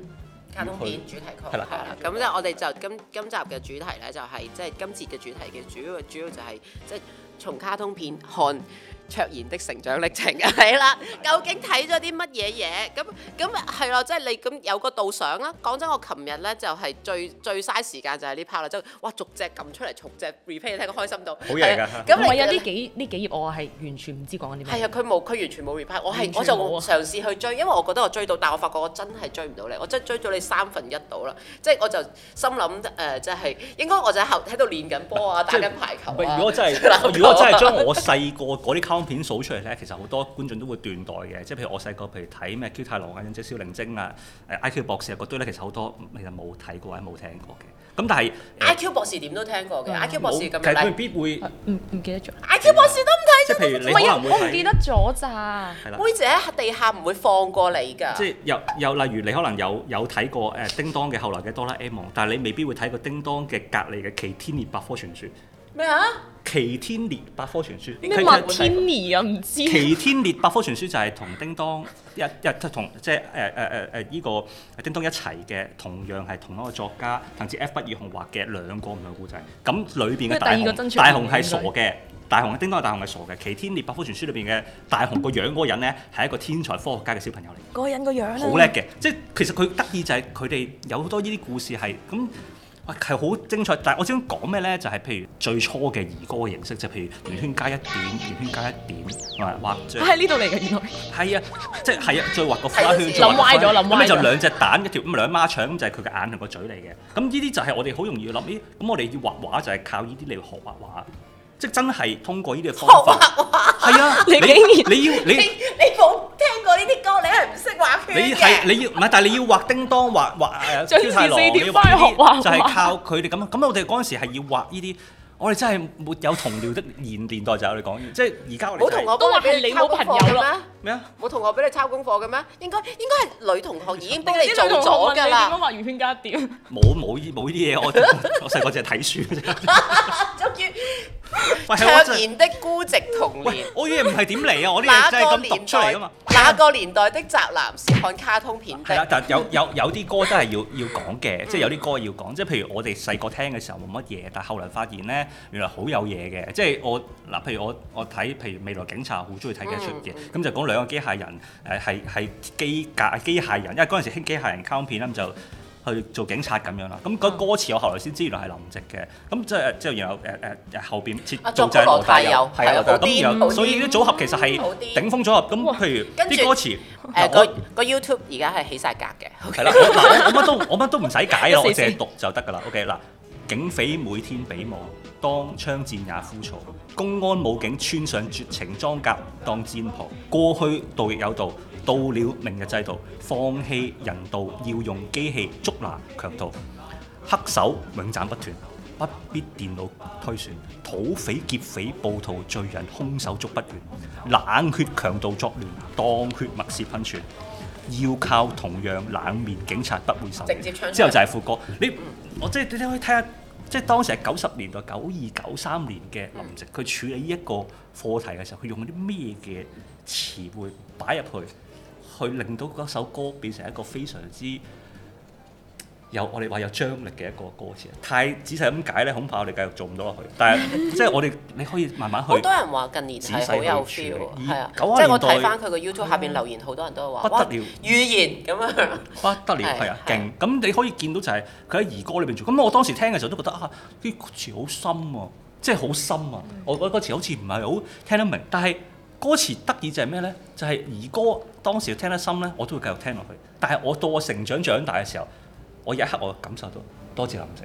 Speaker 1: 卡通片主題曲，係啦係啦，咁即係我哋就今今集嘅主題咧、就係，就係即係今次嘅主題嘅主要嘅主要就係即係從卡通片看。卓然的成長歷程係啦，究竟睇咗啲乜嘢嘢？咁咁係咯，即係、就是、你咁有個導賞啦。講真，我琴日咧就係最最嘥時間就係呢 part 啦，即、就、係、是、哇逐隻撳出嚟，逐隻 repeat，聽到開心到。好嘢㗎！咁我有啊，呢幾
Speaker 3: 呢幾頁我係完全唔知講緊啲乜。係啊，
Speaker 1: 佢冇佢完全冇 repeat，我係我就嘗試去追，因為我覺得我追到，但係我發覺我真係追唔到你，我真係追咗你三分一到啦。即係我就心諗誒、呃，即係應該我就喺後喺度練緊波啊，打緊即排球如果真係 *laughs* 如果，真如果真
Speaker 2: 將我真係將我細個嗰啲。當片數出嚟咧，其實好多觀眾都會斷代嘅，即係譬如我細個，譬如睇咩 Q 太郎啊、忍者小靈精啊、誒 IQ 博士啊嗰堆咧，其實好多其實冇睇過或者冇聽過嘅。咁但係
Speaker 1: IQ 博士點都聽過嘅，IQ 博士咁未必
Speaker 2: 會唔唔記得咗。IQ 博士、呃、IQ 博士都唔睇，即係譬如你可能我唔記得
Speaker 1: 咗咋，妹仔喺地下唔會放過你㗎。 即係
Speaker 2: 又又例如你可能有睇過誒叮當嘅後來嘅哆啦 A 夢，M，但係你未必會睇過叮當嘅隔離嘅《奇天烈百科傳説》。
Speaker 1: 咩
Speaker 2: 啊？《奇天烈百科全書》咩？《麥天
Speaker 3: 啊？唔知，《奇
Speaker 2: 天烈百科全書》就係同叮當一一同即係誒誒誒誒依個叮當一齊嘅，同樣係同一個作家藤子 F 不二雄畫嘅兩個唔同故仔。咁裏邊嘅大雄，大雄係傻嘅，大雄，叮當大雄係傻嘅，《奇天烈百科全書》裏邊嘅大雄個樣嗰個人咧係一個天才科學家嘅小朋友嚟。
Speaker 3: 個人個樣好叻
Speaker 2: 嘅，即係其實佢得意就係佢哋有好多呢啲故事係咁。係好精彩，但係我想講咩咧？就係、是、譬如最初嘅兒歌嘅形式，就譬如圓圈加一點，圓圈加一點，或者係呢度嚟嘅原來。係啊，即係、 *laughs* 就是、啊，再畫個花圈。諗歪咗，諗歪咗。咁就兩隻蛋，一條 *laughs* 兩孖腸，就係佢嘅眼同個嘴嚟嘅。咁呢啲就係我哋好容易諗，咦？咁我哋要畫畫就係靠呢啲嚟學畫畫。即真係通過呢啲方法，係啊！你你要你你冇聽過呢啲歌，你
Speaker 1: 係唔識畫圈
Speaker 2: 你係你要唔係？但係你要畫叮噹畫畫誒，朱太羅你就係靠佢哋咁。咁我哋嗰陣時係要畫呢啲，我哋真係沒有同僚的現年代就我哋講，即係而家我哋同學都
Speaker 1: 話俾你抄朋友啦咩啊？冇同學俾你抄功課嘅咩？應該應該係女同學已經幫你做咗㗎啦。你點畫圓圈加點？
Speaker 2: 冇冇呢冇依啲嘢，我我細個淨係睇書。
Speaker 1: 叫《卓然的孤寂童
Speaker 2: *laughs* 年》。我以為唔係點嚟啊！我啲嘢真係咁讀出嚟噶
Speaker 1: 嘛？那個年代的宅男是看卡通片。係
Speaker 2: 啊，但係有有有啲歌真係要要講嘅，嗯、即係有啲歌要講。即係譬如我哋細個聽嘅時候冇乜嘢，但係後來發現咧，原來好有嘢嘅。即係我嗱，譬如我我睇譬如未來警察好中意睇嘅出嘅，咁、嗯、就講兩個機械人誒係係機甲機械人，因為嗰陣時興機械人卡通片，咁就。去做警察咁樣啦，咁嗰歌詞我後來先知原來係林夕嘅，咁即係即係有誒誒後邊設做就係羅大佑，係啊咁，所以啲組合其實係頂峰組合，咁譬如啲歌詞，個
Speaker 1: 個 YouTube 而家係起晒格嘅，係啦，嗱我
Speaker 2: 乜都我乜都唔使解啦，我淨係讀就得㗎啦，OK 嗱，警匪每天比武，當槍戰也枯燥，公安武警穿上絕情裝甲，當戰袍，過去道亦有道。到了明日制度，放棄人道，要用機器捉拿強盜，黑手永斬不斷，不必電腦推算。土匪劫匪暴徒罪人，兇手捉不亂，冷血強盜作亂，當血密水噴泉，要靠同樣冷面警察不會受。直接唱。之後就係副歌，你我即係你可以睇下，即係當時係九十年代九二九三年嘅林夕，佢、嗯、處理依一個課題嘅時候，佢用啲咩嘅詞彙擺入去？佢令到嗰首歌變成一個非常之有我哋話有張力嘅一個歌詞，太仔細咁解咧，恐怕我哋繼續做唔到落去。但係即係我哋，你可以慢慢去。
Speaker 1: 好多人話近年係好有 feel，係啊，即係我睇翻佢個 YouTube 下邊留言，好多人都話不得了，語言咁樣。
Speaker 2: 不得了係啊，勁！咁你可以見到就係佢喺兒歌裏邊做。咁我當時聽嘅時候都覺得啊，啲詞好深喎，即係好深啊。我覺得嗰詞好似唔係好聽得明，但係。歌詞得意就係咩呢？就係兒歌當時要聽得深呢，我都會繼續聽落去。但係我到我成長長大嘅時候，我一刻我感受到多謝林夕、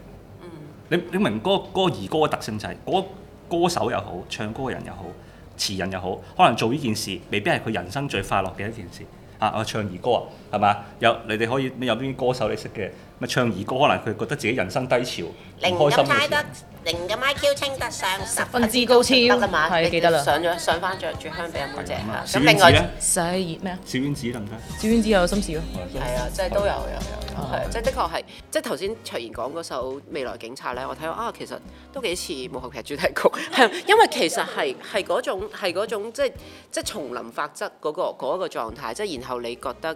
Speaker 2: 嗯。你明嗰、嗰個嗰個兒歌嘅特性就係、係、歌，歌手又好，唱歌嘅人又好，詞人又好，可能做呢件事未必係佢人生最快樂嘅一件事。啊，我唱兒歌啊！係嘛？有你哋可以有邊歌手你識嘅？咪唱兒歌，可能佢覺得自己人生低潮，開心啲。零得，
Speaker 1: 零咁 IQ 稱得上十分之高超，你啦記得啦。上咗上翻著住香檳咁正咁另外細
Speaker 2: 咩啊？小丸子啦。
Speaker 1: 小丸
Speaker 3: 子有心事咯。係啊，即係都有有有。
Speaker 1: 即係的確係，即係頭先卓然講嗰首《未來警察》咧，我睇到啊，其實都幾似幕後劇主題曲。因為其實係係嗰種嗰種係即係即係叢林法則嗰個嗰一個狀態，即係然後你覺得誒。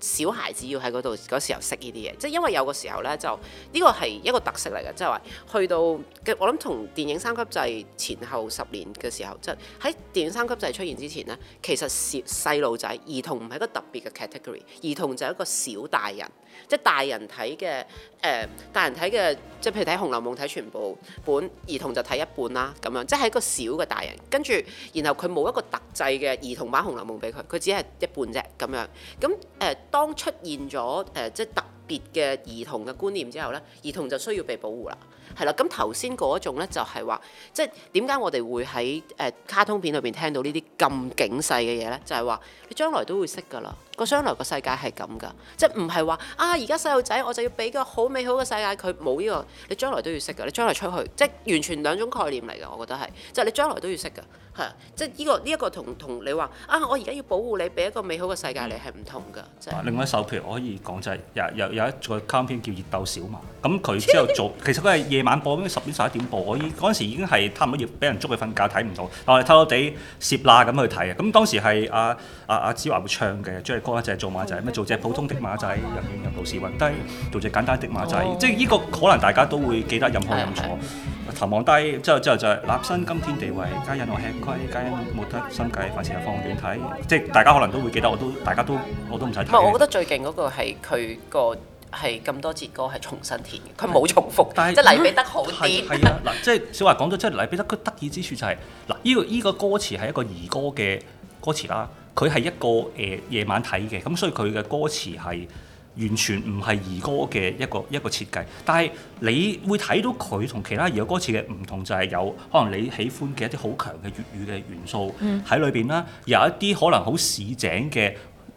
Speaker 1: 小孩子要喺嗰度嗰時候識呢啲嘢，即係因為有個時候呢，就呢個係一個特色嚟嘅，即係話去到我諗同電影三級制前後十年嘅時候，即係喺電影三級制出現之前呢，其實細細路仔兒童唔係一個特別嘅 category，兒童就係一個小大人，即係大人睇嘅誒，大人睇嘅即係譬如睇《紅樓夢》睇全部本，兒童就睇一半啦咁樣，即係一個小嘅大人，跟住然後佢冇一個特製嘅兒童版《紅樓夢》俾佢，佢只係一半啫咁樣，咁誒。呃當出現咗誒即係特別嘅兒童嘅觀念之後咧，兒童就需要被保護啦。係啦，咁頭先嗰種咧就係、是、話，即係點解我哋會喺誒、呃、卡通片裏邊聽到這這呢啲咁警世嘅嘢咧？就係、是、話你將來都會識㗎啦，個將來個世界係咁㗎，即係唔係話啊？而家細路仔我就要俾個好美好嘅世界佢，冇呢、這個你將來都要識㗎，你將來出去即係完全兩種概念嚟㗎，我覺得係，就係、是、你將來都要識㗎，係即係、這、呢個呢一、這個同同你話啊，我而家要保護你，俾一個美好嘅世界你係唔同㗎。另外一首
Speaker 2: 譬如我可以講就係、是、又有,有,有,有,有一個卡通片叫熱《熱鬥小馬》，咁佢之後做其實佢係夜 *laughs* 夜晚播咁，十點十一點播，我已嗰陣時已經係差唔多要俾人捉去瞓覺睇唔到，但我哋偷偷地攝啦咁去睇嘅。咁當時係阿阿阿子華會唱嘅主題曲就係、係、做馬仔，咩做隻普通的馬仔入院入到屎運低，做隻簡單的馬仔，哦、即係呢個可能大家都會記得，任何任坐，哦、頭望低之後之後就係、立身今天地位，皆因我吃虧，皆因冇得心計，凡事放遠睇。即係大家可能都會記得，我都大家都我都唔使。唔我覺得
Speaker 1: 最勁嗰個係佢個。係咁多節歌係重新填嘅，佢冇
Speaker 2: 重複，但是即係黎
Speaker 1: 彼得好啲、嗯。係啊，
Speaker 2: 嗱， *laughs* 即係小華講咗，即係黎彼得佢得意之處就係、是、嗱，依、這個依、這個歌詞係一個兒歌嘅歌詞啦，佢係一個誒、呃、夜晚睇嘅，咁所以佢嘅歌詞係完全唔係兒歌嘅一個一個設計。但係你會睇到佢同其他兒歌詞嘅唔同就係有可能你喜歡嘅一啲好強嘅粵語嘅元素喺裏邊啦，有一啲可能好市井嘅。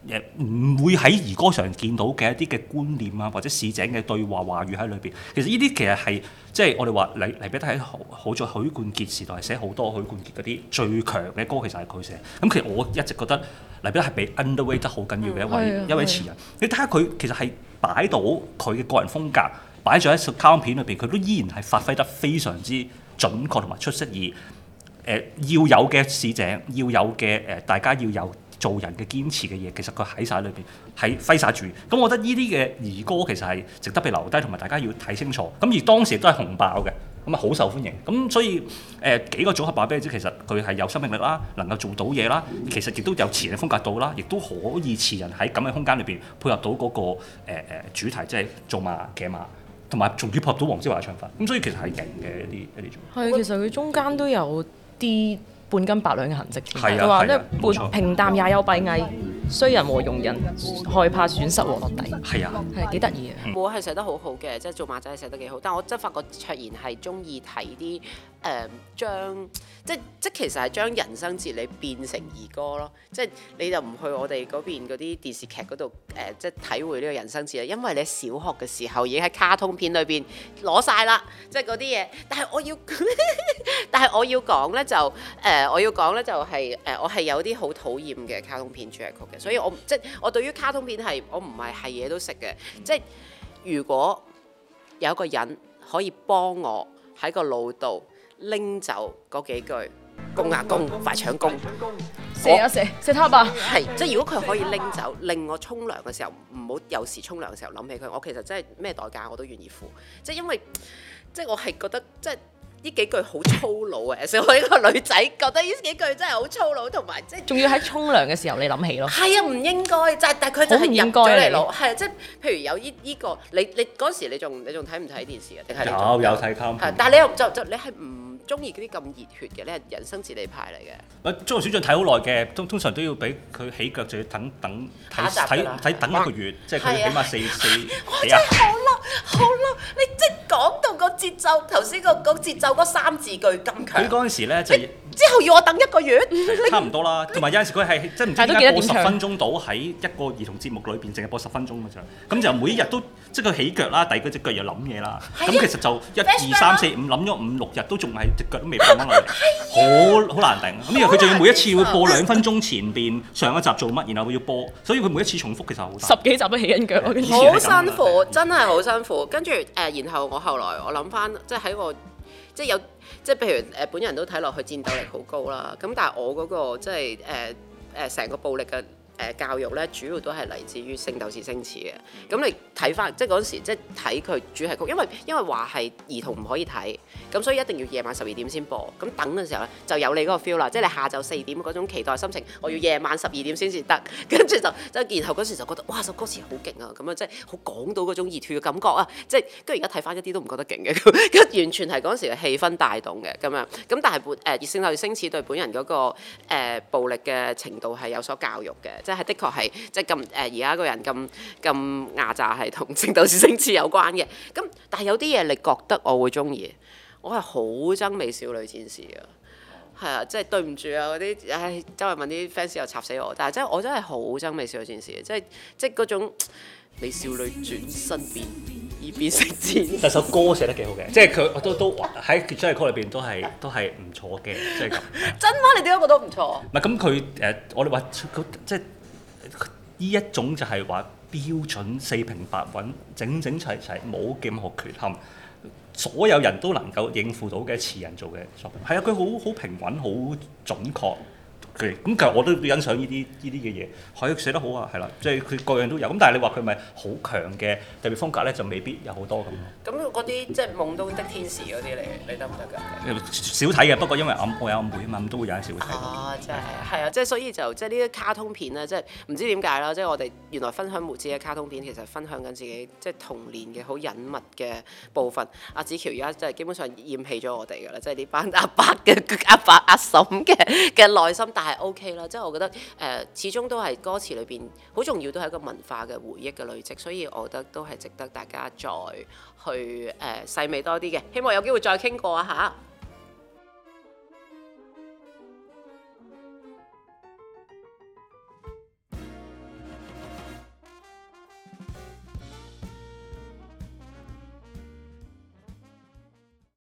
Speaker 2: 誒唔會喺兒歌上見到嘅一啲嘅觀念啊，或者市井嘅對話話語喺裏邊。其實呢啲其實係即係我哋話嚟嚟，黎彼得喺好在許冠傑時代寫好多許冠傑嗰啲最強嘅歌，其實係佢寫。咁其實我一直覺得黎彼得係被 Underway 得好緊要嘅一位一位詞人。你睇下佢其實係擺到佢嘅個人風格擺咗喺首卡通片裏邊，佢都依然係發揮得非常之準確同埋出色而誒、呃、要有嘅市井要有嘅誒大，大家要有。做人嘅堅持嘅嘢，其實佢喺晒裏邊，喺揮灑住。咁我覺得呢啲嘅兒歌其實係值得被留低，同埋大家要睇清楚。咁而當時都係紅爆嘅，咁啊好受歡迎。咁所以誒、呃、幾個組合擺畀你知，其實佢係有生命力啦，能夠做到嘢啦。其實亦都有詞人風格到啦，亦都可以詞人喺咁嘅空間裏邊配合到嗰、那個誒、呃、主題，即係做馬騎馬，同埋仲要配合到黃子華嘅唱法。咁所以其實係勁嘅一啲一啲組。
Speaker 3: 係其實佢中間都有啲。半斤八兩嘅痕跡，佢話咧半平淡也有閉翳。衰人和庸人害怕損失和落，落底，係啊，係幾得意啊！嗯、
Speaker 1: 我係寫得好好嘅，即、就、係、是、做馬仔係寫得幾好，但我真係發覺卓然係中意睇啲誒將即，即即其實係將人生哲理變成兒歌咯，即係你就唔去我哋嗰邊嗰啲電視劇嗰度誒，即係體會呢個人生哲理，因為你喺小學嘅時候已經喺卡通片裏邊攞晒啦，即係嗰啲嘢。但係我要， *laughs* 但係我要講咧就誒、呃，我要講咧就係、是、誒、呃，我係有啲好討厭嘅卡通片主題曲。所以我即係我對於卡通片係我唔係係嘢都食嘅，即係如果有一個人可以幫我喺個腦度拎走嗰幾句，公啊公，快搶公，蛇啊蛇，食他吧，係、啊、即係如果佢可以拎走，令我沖涼嘅時候唔好有時沖涼嘅時候諗起佢，我其實真係咩代價我都願意付，即係因為即係我係覺得即係。呢幾句好粗魯啊！作為一個女仔，覺得呢幾句真係好粗魯，同埋即係仲
Speaker 3: 要喺沖涼嘅時候你諗起咯。係
Speaker 1: 啊，唔應該，就係但佢真係入咗嚟攞，係即係譬如有呢依個，你你嗰時你仲你仲睇唔睇電視啊？有有睇 com，係，但係你又就就你係唔中意嗰啲咁熱血嘅，你係人生自理派嚟嘅。
Speaker 2: 足球小將睇好耐嘅，通常都要俾佢起腳，就要等等睇睇等一個月，即係起碼四四。我真係好
Speaker 1: 嬲，好嬲你！講到個節奏，頭先個個節奏嗰三字句咁強。佢嗰
Speaker 2: 陣時咧就。欸之後要我等一個月，差唔多啦。同埋有陣時佢係真唔知播十分鐘到喺一個兒童節目裏邊，淨係播十分鐘嘅咋。咁就每一日都即係佢起腳啦，第二個隻腳又諗嘢啦。咁其實就一二三四五諗咗五六日都仲係隻腳都未放翻落嚟，好好難頂。咁因為佢仲要每一次會播兩分鐘前邊上一集做乜，然後要播，所以佢每一次重複其實好十幾集都起緊腳，好辛苦，
Speaker 1: 真係好辛苦。跟住誒，然後我後來我諗翻，即係喺個即係有。即係譬如誒、呃、本人都睇落去戰鬥力好高啦，咁但係我嗰、嗰個即係誒誒成個暴力嘅。誒教育咧，主要都係嚟自於《聖鬥士星矢》嘅。咁你睇翻，即係嗰時，即係睇佢主題曲，因為因為話係兒童唔可以睇，咁所以一定要夜晚十二點先播。咁等嘅時候咧，就有你嗰個 feel 啦，即係你下晝四點嗰種期待心情，我要夜晚十二點先至得。跟住就，即然後嗰時就覺得，哇！首歌詞好勁啊，咁樣，即係好講到嗰種熱血嘅感覺啊，即係跟住而家睇翻一啲都唔覺得勁嘅，跟完全係嗰時嘅氣氛帶動嘅咁樣。咁但係本誒呃、《聖鬥士星矢》對本人嗰個、呃、暴力嘅程度係有所教育嘅。即係的確係，即係咁誒，而家個人咁咁牙擦係同聖鬥士星矢有關嘅。咁但係有啲嘢你覺得我會中意，我係好憎美少女戰士啊！係啊，即係對唔住啊，嗰啲誒周圍問啲 fans 又插死我。但係真我真係好憎美少女戰士嘅，即係即係嗰種。你少女轉身變，而變成戰。但首歌
Speaker 2: 寫得幾好嘅，即係佢都都喺劇集嘅曲裏邊都係都係唔錯嘅，即係咁。
Speaker 1: 真話，你點解覺得唔錯？
Speaker 2: 唔係咁，佢、嗯、誒，我哋話即係呢一種就係話標準四平八穩、整整齊齊、冇任何缺陷，所有人都能夠應付到嘅詞人做嘅作品。係啊，佢好好平穩，好準確。咁其實我都欣賞呢啲呢啲嘅嘢，可以寫得好啊，係啦，即係佢各樣都有。咁但係你話佢咪好強嘅特別風格咧，就未必有好多咁咯。咁嗰啲即
Speaker 1: 係《就是、夢中的天使》嗰啲，你你得
Speaker 2: 唔得㗎？少睇嘅，的不過因為我有阿妹啊嘛，咁都會有少睇。哦，真係係啊，即、就、
Speaker 1: 係、是、的所以就即係呢啲卡通片咧，即係唔知點解啦，即、就、係、是、我哋原來分享自己嘅卡通片，其實分享緊自己即係、就是、童年嘅好隱密嘅部分。阿、啊、子喬而家即係基本上厭棄咗我哋㗎啦，即係呢班阿伯嘅阿伯阿嬸嘅嘅內心係 OK 啦，即係我覺得誒、呃，始終都係歌詞裏邊好重要，都係一個文化嘅回憶嘅累積，所以我覺得都係值得大家再去誒、呃、細味多啲嘅。希望有機會再傾過啊嚇！